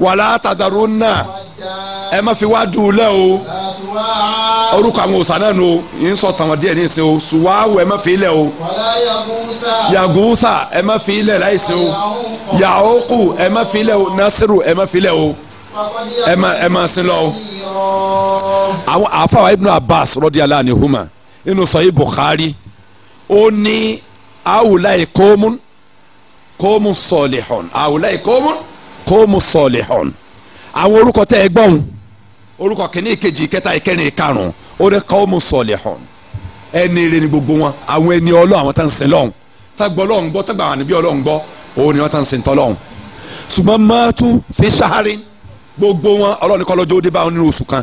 wàlá àtàdàrú nà ẹ má fi wá dùn lẹ́ o orúkọ àwọn òòṣà náà nù o yìí ń sọ tàwọn díẹ̀ ní ìsìn o sùwáwù ẹ má fi ilẹ̀ o yàgùsà ẹ má fi ilẹ̀ láì o yàókù ẹ má fi ilẹ̀ o násìrù ẹ má fi ilẹ̀ o ẹ máa ẹ máa sin lọ o àwọn àfàwà ibn abbas radiyallahu anhuma nínú sahih bukhari ó ní awulai qawmun qawmun salihun awulai qawmun qawmun salihun àwọn orúkọ tẹ ẹ gbọ́n orúkọ kìíní ìkejì ìkẹta ìkẹrin ìkarùn ó ní qawmun salihun ẹni rere ni gbogbo wọn àwọn ẹni ọlọ́ àwọn tá ń sin lọ́hùn tá lọ́hùn gbọ́ tá gbà wọn ọlọ́hùn gbọ́ òun ni wọ́n tá ń sin tọ́lọ́hùn ṣùgbọ́n mọ́tún fi ṣáárín gbogbo wọn ọlọ́ni kọ́ lọ́jọ́ ó dé bá wọn nínú oṣù kan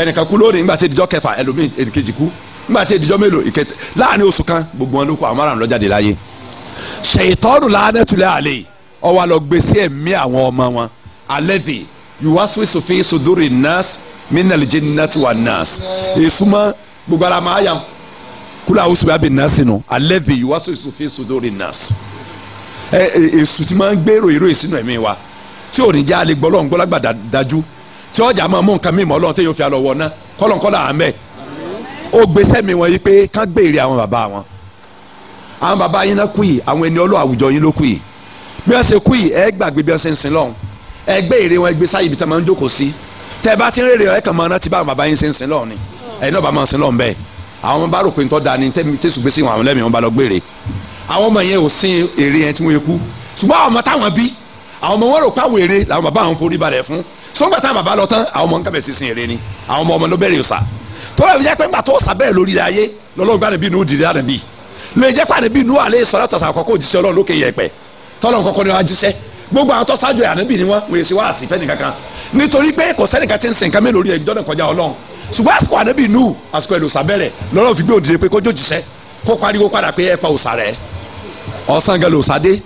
ẹnìkan kú lónìí nígbà tí ìdíjọ́ kẹfà ẹlòmíì èkejì kú nígbà tí ìdíjọ́ mélòó ìkẹtẹ láàrin oṣù kan gbogbo wọn ló kọ àwọn márùn lọ́jáde láyé ṣèyítọ́nù lánàtúlẹ̀ àlè ọwọ́ àlọ́ gbèsè ẹ̀mí àwọn ọmọ wọn alẹ́dì yuwaswisu fi suduri nas minalije nati wa nas èsùmọ́ gbogbo ara máa yà kúlọ̀ àwọn sùgbà bẹ̀ nas nù alẹ́dì yuwaswisu fi suduri nas èsù ti máa ń gbèrò ìró ìsinú ẹ̀mí wa tí ò ní já lè gbọ́ lọ́n gbọ́lágbà dájú tí ọjà máa mú nǹkan mímọ́ lọ́n téèyàn fi àlọ́ wọ̀ ná kọ́lọ́nkọ́lọ́ àmẹ́ ó gbèsè mi wọn yìí pé kán gbèrè àwọn bàbá wọn àwọn bàbá yín náà kú yìí àwọn ẹni ọlọ́ àwùjọ yín ló kú yìí bí wọ́n ṣe kú yìí ẹ gbàgbé bí wọ́n ṣe ń sin lọ́hùn ẹ gbé èrè wọn gbé sáyé ibi tí wọ́n máa ń jókòó sí tẹ bá ti ń rèrè ni ẹ̀yin náà bá máa sin lọ́hùn bẹ́ẹ̀ àwọn ọmọ bá rò pé ń tọ́ da ni tẹ́sù gbé sí wọn àwọn lẹ́mìí wọn bá lọ gbére àwọn ọmọ wọn rò pé àwọn èrè làwọn bàbá àwọn forí balẹ̀ fún sọ́gbà táwọn bàbá lọ tán àwọn ọmọ nǹkan bẹ̀ sísìn èrè ni àwọn ọmọ ọmọ ló bẹ̀rẹ̀ ọ̀sà tọ́lá ìjẹ́ pé ńgbà tó ọ̀sà bẹ́ẹ̀ lórí ilẹ̀ ayé lọ́lọ́run bá nàbí nù dìde ànàbí lè jẹ́ pàdé bí nù alẹ́ sọ̀rọ̀ tọ̀sà àkọ́kọ́ òjíṣẹ́ ọlọ́run lókè yẹ̀pẹ̀ tọ́lọ́run kọ́kọ́ ni wọ́n á jíṣẹ́ gbogbo àwọn tọ́sájú ànàbí ni wọ́n wọ́n èsì wá àsì fẹ́ nìkankan nítorí pé kò sẹ́nìkan ti ń sìn kámẹ́ lórí ẹ̀jọ́ náà kọjá ọlọ́run ṣùgbọ́n àsìkò ànàbí nù àsìkò ẹ̀lò sàbẹ̀rẹ̀ lọ́lọ́run fi gbé òdìdè pé kójó jíṣẹ́ kó pariwo padà ọ̀sán gẹlẹ́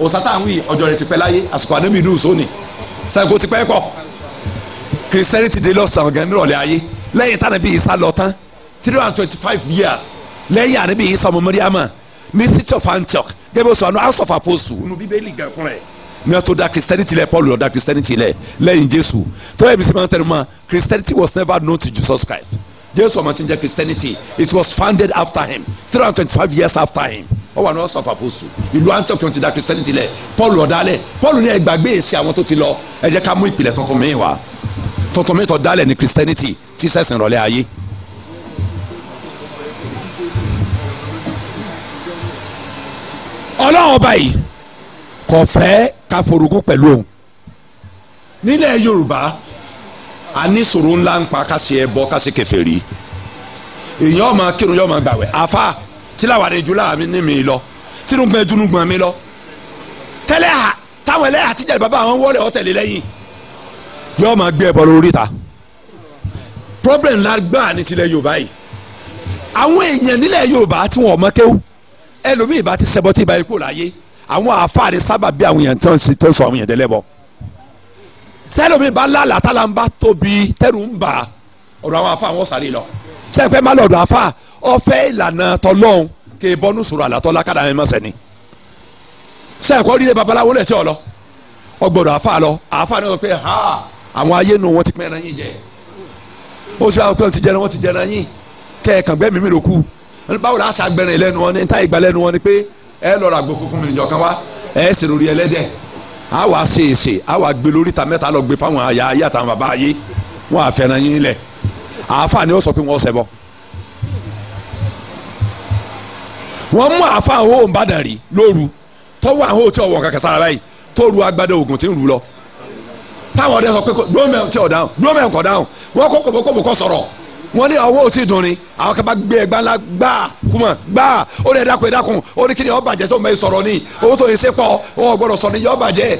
òsátàwí ọjọ́ rẹ̀ ti pẹ́ láyé àsìkò ànábì inú sóni sẹ́ńkó ti pẹ́ pọ̀ kìrìsìtẹ́nì ti dé lọ́sàn-án ọ̀gá nírọ̀lẹ́ ayé lẹ́yìn tànàbí Ìsá lọ tán three hundred twenty five years lẹ́yìn ànábì Ìsá ọmọ mẹ́ríàmà ní city of Antioch gẹ́gẹ́ bí o sọ àná house of apostles nínú bíbélì gan fún rẹ̀ ní ọtọ da christianity lẹ paul ọdá christianity lẹ lẹ́yìn jésù tó yẹ bí sèpàmù tẹnu mọ christianity was never known to jesus christ jésù ọmọ tí ń jẹ́ christianity it was founded after him three hundred twenty five years after him ó wà ní ọ̀sán àpòsù ìlú antioch ti da christianity lẹ̀ paul ọ̀dálẹ̀ paul ní ẹgbàgbé èsì àwọn tó ti lọ ẹ jẹ́ ká mú ìpìlẹ̀ tuntun mi wá tuntun mi tó dálẹ̀ ní christianity tí sẹ́sìn rọ̀lẹ́ ayé. ọlọ́run ọba yìí kò fẹ́ ká forogún pẹ̀lú òun. nílẹ̀ yorùbá a ní sòrò ńlá ń pa ká ṣe ẹbọ ká ṣe kèfèrí èèyàn máa kírun yóò máa gbàwẹ̀ àfa tíláwàdé ju láàmì ní mi lọ tínúgbọn dunúgbọn mi lọ tẹ́lẹ̀ à táwọn ẹlẹ́yà tíjà bàbá àwọn wọlé ọ̀tẹ̀lẹ̀ lẹ́yìn yóò máa gbé ẹbọ lórí ta problem ńlá gbáà ní tilẹ̀ yorùbá yìí àwọn èèyàn nílẹ̀ yorùbá tí wọn ọmọ kéwù ẹlòmíì bá ti ṣẹbọ tí ìbá yìí kò láyé àwọn àfáàrí sábà bí àwọn èèyàn tó ń sọ àwọn èèyàn dẹ́lẹ́bọ tẹlomi bá lálàá tá la ń bá tóbi tẹrù ń bà ọ̀dọ̀ àwọn afa àwọn sàlẹ̀ lọ sẹ́ńpẹ́ má lọ́dọ̀ afa ọfẹ́ ìlànà tọlọ́hún kì í bọ́nú sọ̀rọ̀ àlàtọ́lá kádà ẹ̀ mọ̀ sẹ́ni sẹ́ẹ̀kọ́ rí ilé babaláwo lẹ̀ sí ọ lọ ọgbọ̀dọ̀ àfa lọ àfa náà pé ha àwọn ayé nu wọn ti pẹ́ẹ́rẹ́ yín jẹ ó sì àwọn pé wọn ti jẹrán wọn ti jẹrán yín kẹ́ẹ̀kan gbẹ́mí mi ló kú báwo la ṣe agbẹ̀rẹ̀ lẹ́nu wọn ni níta ìgbà lẹ́nu wọn ni pé ẹ lọ́ọ́ ra gbó funfun mi nìjọ kan wá ẹ ṣe lórí ẹlẹ́dẹ̀ á wà ṣe èṣe á wà gbé lórí ta mẹ́ta lọ gbé fáwọn àyà ayé àtàwọn bàbá ayé wọn àfẹ́ràn yín lẹ̀ ni ó sọ pé wọ́n ṣẹbọ wọ́n mú àáfàá òhò ńbàdàn rí lóru tọ́wọ́ àwọn òtí ọ̀wọ́ kankan sára báyìí tó ru agbada oògùn tí ń rú lọ táwọn ọdẹ sọ pé gómìnà tí ò dáhùn gómìnà kò dáhùn wọ́n kó kòbókòbó kò sọ̀rọ̀ wọ́n ní ọwọ́ òtí dùn ni àwọn kan bá gbé ẹgbàá ńlá gbáà kúmọ̀ gbáà ó lè dákun ẹ̀dákun ó ní kí ni ó bàjẹ́ tó mẹ́rin sọ̀rọ̀ ni owó tó yẹ ṣe pọ̀ ó gbọ́dọ̀ sọ ni yọ bàjẹ́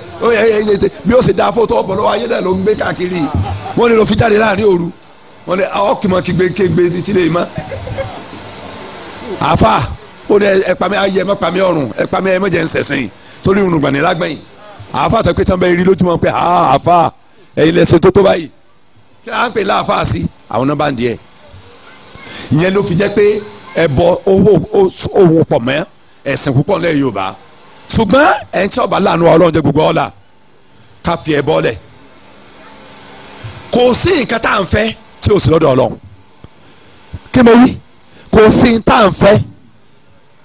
bí ó sì dáa fótó ọ̀bọ̀ lọ́wọ́ ayé náà ló ń gbé káàkiri wọ́n ní lọ fi jáde láàrin òru wọ́n ní ọkùnrin kí gbé kí gbé ní tílé ó ní ẹ̀pàmì ayé ẹ̀ mọ́pàmì ọ̀run ẹ̀pàmì ẹ̀ mọ́jẹ̀ ń sẹ̀sìn torí irun gbàní lágbẹ̀yìn àáfà tó pé tán bẹ́ẹ̀ rí lójúmọ́ pé àáfà ẹ̀yin lẹ́sẹ̀ tó tó báyìí kí là ń pè láàfà sí àwọn náà bá ń di ẹ̀ ìyẹn ló fi jẹ́ pé ẹ̀bọ ohun pọ̀ mọ́ ẹ̀sìn púpọ̀ lẹ́yìn Yorùbá ṣùgbọ́n ẹ̀yin tí ọba láàánú Ọlọ́run jẹ́ gbogbo ọ̀la ká fi ẹ̀bọ lẹ̀ kò sí nǹkan tá à ń fẹ́ tí ò sí lọ́dọ̀ Ọlọ́run kí mo wí kò sí nǹkan tá à ń fẹ́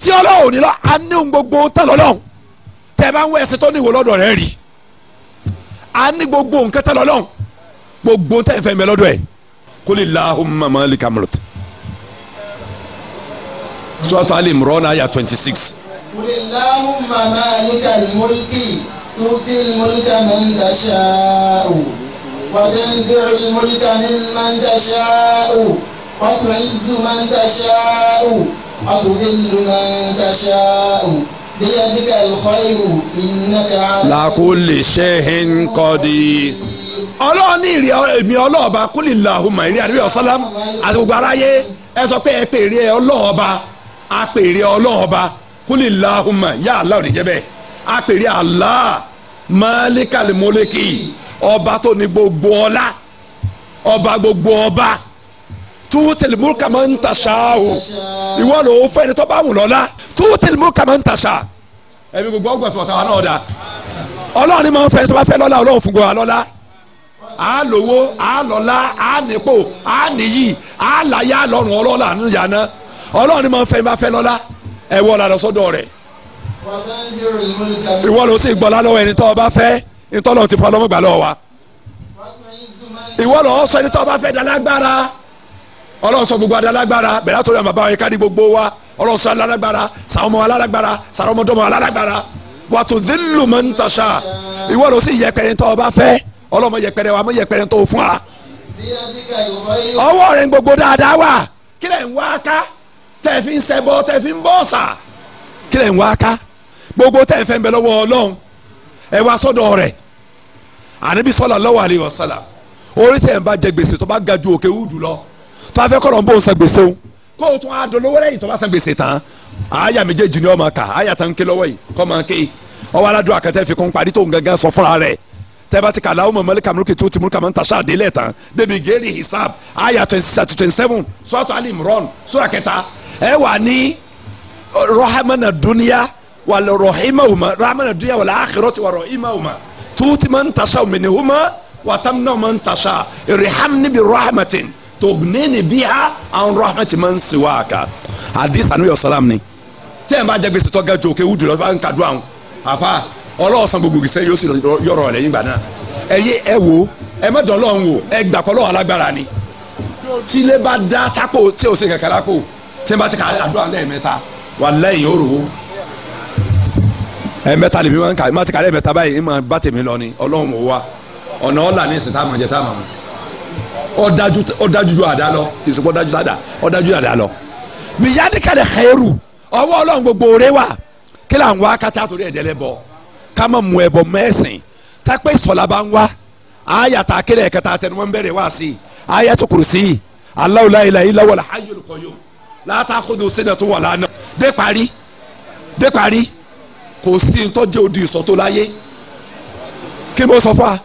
tí ọlọ́run ní lọ a ní ohun gbogbo tán lọ́lọ́run tẹ bá ń wẹ ẹsẹ tó ní ìwò lọ́dọ̀ rẹ rí a ní gbogbo nǹkan tán lọ́lọ́run gbogbo tẹ fẹ́ mi lọ́dọ̀ ẹ̀ kólé lahumma malika mulk Suratu Ali Imran aya twenty six. kólé lahumma malikal mulki tu'til mulka man tasha'u wa tanzi'ul mulka mimman tasha'u wa tu'izzu man tasha'u. أتضل من تشاء بيدك الخير إنك على كل شيء قدير ọlọ́run ní ìrì èmi ọlọ́ọ̀ba kúlì làhùmà ìrì àdúgbò ọ̀sálàm àti gbogbo aráyé ẹ sọ pé ẹ pè rí ẹ ọlọ́ọ̀ba a pè rí ọlọ́ọ̀ba kúlì làhùmà yà á láwùrì jẹ́ bẹ́ẹ̀ a pè rí àlá mọ́lẹ́kàlì ọba tó ní gbogbo ọlá ọba gbogbo ọba tuutil mulka man tasha o ìwọ ló fẹ́ ni tọ́ba wù lọ́la tuutil mulka man tasha ẹbí gbogbo ọgbà tó tàwa náà dá ọlọ́run ni máa ń fẹ́ tọ́ba fẹ́ lọ́la ọlọ́run fún gbogbo àlọ́la a lówó a lọ́la a nípò a níyì a láyà lọ́rùn ọlọ́la àníyànná ọlọ́run ni máa ń fẹ́ máa fẹ́ lọ́la ẹ wọ́ ọ̀la lọ́sọ́dọ̀ rẹ̀ ìwọ ló sì gbọ́lá lọ́wọ́ ẹni tọ́ ọba fẹ́ ìtọ́lọ́ ti fọ́ ọlọ́mọgbà lọ́wọ́ wa ìwọ lọ́ọ́ sọ ẹni tọ́ ọba fẹ́ dalágbára ọlọ́run sọ gbogbo adálágbára bẹ̀rẹ̀ àtọ́rẹ́ àmàbá wa kárí gbogbo wa ọlọ́run sọ alálágbára sàwọn ọmọ alálágbára sàwọn ọmọdọ́mọ alálágbára wa tudhillu man tasha ìwọ ló sì yẹpẹrẹ tó o bá fẹ́ ọlọ́mọ yẹpẹrẹ wa mọ yẹpẹrẹ tó o fún wa. ọwọ́ rẹ̀ ń gbogbo dáadáa wà kílẹ̀ ń wá ká tẹ̀ fi ń ṣẹbọ tẹ̀ fi ń bọ́ ọ̀sà kílẹ̀ ń wá ká gbogbo tẹ̀ fẹ́ ń bẹ lọ́wọ́ ọlọ́run ẹ wá sọ́dọ̀ rẹ̀ ànábì sallallahu alaihi wasallam orí tẹ̀ ń bá jẹ gbèsè tó bá ga ju òkè wúdù lọ tó a fẹ́ kọ́ lọ́n bó ń san gbèsè o kó o tún a dolówó lẹ́yìn tó bá san gbèsè tán àyà méjèèjì ni ọ máa kà àyà tán ké lọ́wọ́ yìí kọ́ máa ké ọwọ́ aládùn àkàtẹ́ fi kún parí tó ń gangan sọ fúnra rẹ̀ tẹ́bà ti kàlà ọmọ mẹ́lẹ́ka mẹ́lẹ́ka tó ti múlùkà mẹ́ta ṣáà délẹ̀ tán débi gẹ́rì hisab àyà twenty six to twenty seven sọ́tọ̀ ali imran sura kẹta ẹ wà ní rọ́hámánà dúníyà wà lọ rọ́hímáwùmá rọ́hámánà dúníyà wà lọ àkérọ́tì wà rọ́hímáwùmá tó ti máa ń taṣà tògnẹ́ni bí ha àwọn rahmat máa ń sèwọ́ àká àdìsá ní ọ̀sálàm ni tẹ́ ẹ̀ bá jẹ́ gbèsè tọ́gà jòkè wúdù lọ́wọ́ bá ń kàdú àwọn àfa ọlọ́ọ̀sán gbogbo gbèsè yóò sì yọrọ̀ ọ̀lẹ́ yín gbà náà ẹ yé ẹ wo ẹ má dán lọ́hùn wò ẹ gbà pọ̀ lọ́wọ́ alágbára ni tílé bá dá tako tí o sì kẹ̀kẹ́ lápò tí n bá ti ka àdúrà lẹ́ẹ̀mẹ́ta wà lẹ́yìn ó rò ó ẹ̀mẹ́ta lèmi máa ń kà má ti ka lẹ́ẹ̀mẹ́ta báyìí má bá tèmi lọ ni ọlọ́run ò wa ọ̀nà ọ̀là ní ìsìn táwọn jẹ táwọn mọ̀ ọ̀dájú ọ̀dájú ju àdá lọ ìsìnkú ọ̀dájú àdá ọ̀dájú àdá lọ. mìyáníkà lè xẹ́rù ọwọ́ ọlọ́run gbogbo rẹ wà kí là ń wá kátà torí ẹ̀dẹ́lẹ́ bọ̀ ká mọ̀ mú ẹbọ mẹ́sìn tápẹ́ sọ̀lá bá ń wá àyà tá a kéde ẹ̀ka tá a tẹnu wọn bẹ̀rẹ̀ wá sí i àyà tó kùrù sí i Allahu la ilaha illa huwal wala nawm De pari. De pari. kò sí ntọ́jẹ́ odi ìsọ̀tò láyé kí ló sọ fún wa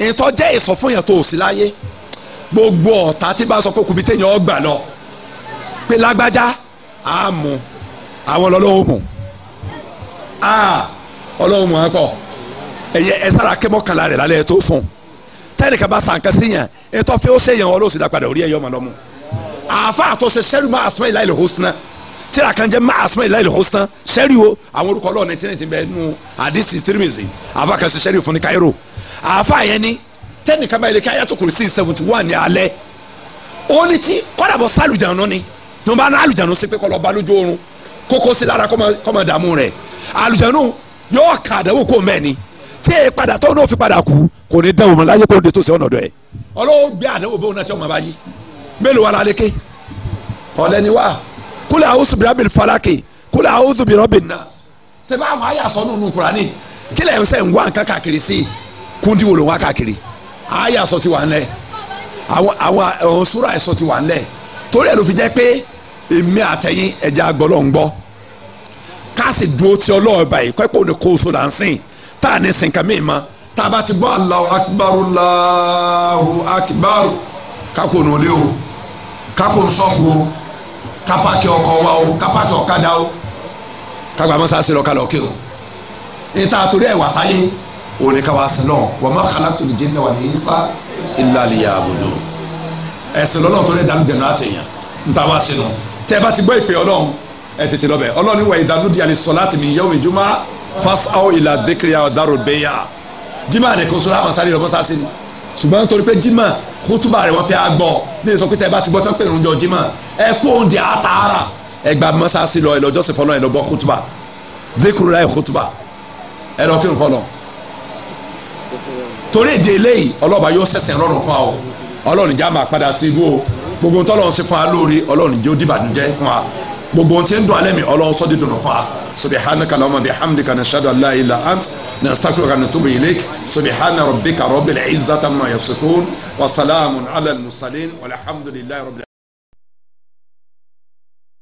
ntọ́jẹ́ ìsọ̀fún yẹn láyé gbogbo ọ̀tá tí bá sọ pé kùbí téèyàn ọgbà lọ pé lágbájá á mú àwọn ọlọ́run mú ọlọ́run mú ẹ kọ́ ẹ̀yẹ ẹ sára kẹ́mọ́ kàlà rẹ̀ lálẹ́ tó fún tẹ́nìkan bá sànkà sí yẹn ètò fẹ́ ó ṣe yẹn ọlọ́run sì dá padà orí ẹ̀yọ́ ọmọ lọ́mú àáfà àtọ́sẹ sẹ́rù máa asọ́mọ́ ìlà ìlú hosùn náà tíra kan jẹ́ máa asọ́mọ́ ìlà ìlú hosùn náà sẹ́rù o àwọn orúkọ ọlọ́run ẹ̀ bẹ́ẹ̀ nù àdìsí tírìmìsì àáfà kan sẹ́rù fún ní Cairo àáfà yẹn ni tẹ́nìkan báyìí lè kí ayatollah kò seventy one ní alẹ́ ó ní tí kọ́dàbọ̀ ni ní wọ́n bá ná àlùjánu sí pé kọ́ lọ bá lójú oorun kókó sí lára kọ́ mọ dààmú rẹ̀ àlùjánu yóò kà àdánwò kó mẹ́ẹ̀ ni tí èyí padà tó náà fi padà kú kò ní dẹ́wọ̀n mọ́ láyé kó de tó sẹ́ ọ̀nà dọ̀ ọlọ́wọ́ gbé àdánwò bóun náà tí ọmọ bá yí mélòó wa la lè ké ọ̀lẹ́ni kúlẹ̀ àwùsù birabil falaki kúlẹ̀ àwùsù birabin nas ṣe bá àwọn àyà sọ́nù nù kúránì kílẹ̀ ẹ̀ ń sẹ́ ń wá nǹkan káàkiri sí i kúndínwó ló wá káàkiri Aya sọ ti wà ńlẹ̀ àwọn àwọn ọ̀hún súra sọ ti wà ńlẹ̀ torí ẹ̀ ló fi jẹ́ pé èmi àtẹ̀yìn ẹ̀jẹ̀ agbọ́lọ́ ń gbọ́ ká dúró ti so là ń sìn tá ma tá a bá ti gbọ́ Allahu akbar Allahu akbar kákò nù lé o kákò nù o kápákì ọkọ̀ wa o kápákì ọ̀kadà o kágbàmọ́sá o ní tá a torí òní káwá sí náà wa ma khalaqtul jinna wal insa illa liya'budun ẹ̀sìn lọ́nà tó lè dánú dẹ̀nà àtẹ̀yàn níta wá sí náà tẹ́ ẹ bá ti gbọ́ ìpè ọlọ́run ẹ tètè lọ bẹ̀ ọlọ́run wà ìdánú di àlè salati min yawmi juma fas'aw ila dhikri dárò bẹ́yà jimá nìkan sọ láwọn sáré lọ́mọ sáré ni ṣùgbọ́n torí pé jimá kútùbà rẹ̀ wọ́n fi àgbọ̀ ní ìsọ pé tẹ́ ẹ bá ti gbọ́ tán pé ìrùnjọ jimá ẹ kó oúnjẹ àtàrà ẹ gba mọ́sásí lọ ẹ lọ jọ́sìn fọlọ́ ẹ lọ gbọ́ kútùbà dhikru láì kútùbà ẹ lọ kírun torí èdè eléyìí ọlọ́ba yóò sẹ̀sẹ̀ rọrùn fún wa o ọlọ́run ìjà máa padà sí ibú o gbogbo ohun tọ́lọ́run ṣe fún wa lóore ọlọ́run ìjẹ́ ó dìbànújẹ́ fún wa gbogbo ohun tí ń dùn alẹ́ mi ọlọ́run sọ́dí dùn fún wa subhanaka allahumma bihamdika nashhadu an la ilaha illa ant nastaghfiruka wa natubu ilayk subhana rabbika rabbil izzati amma yasifun wa salamun ala al-mursalin walhamdulillahi rabbil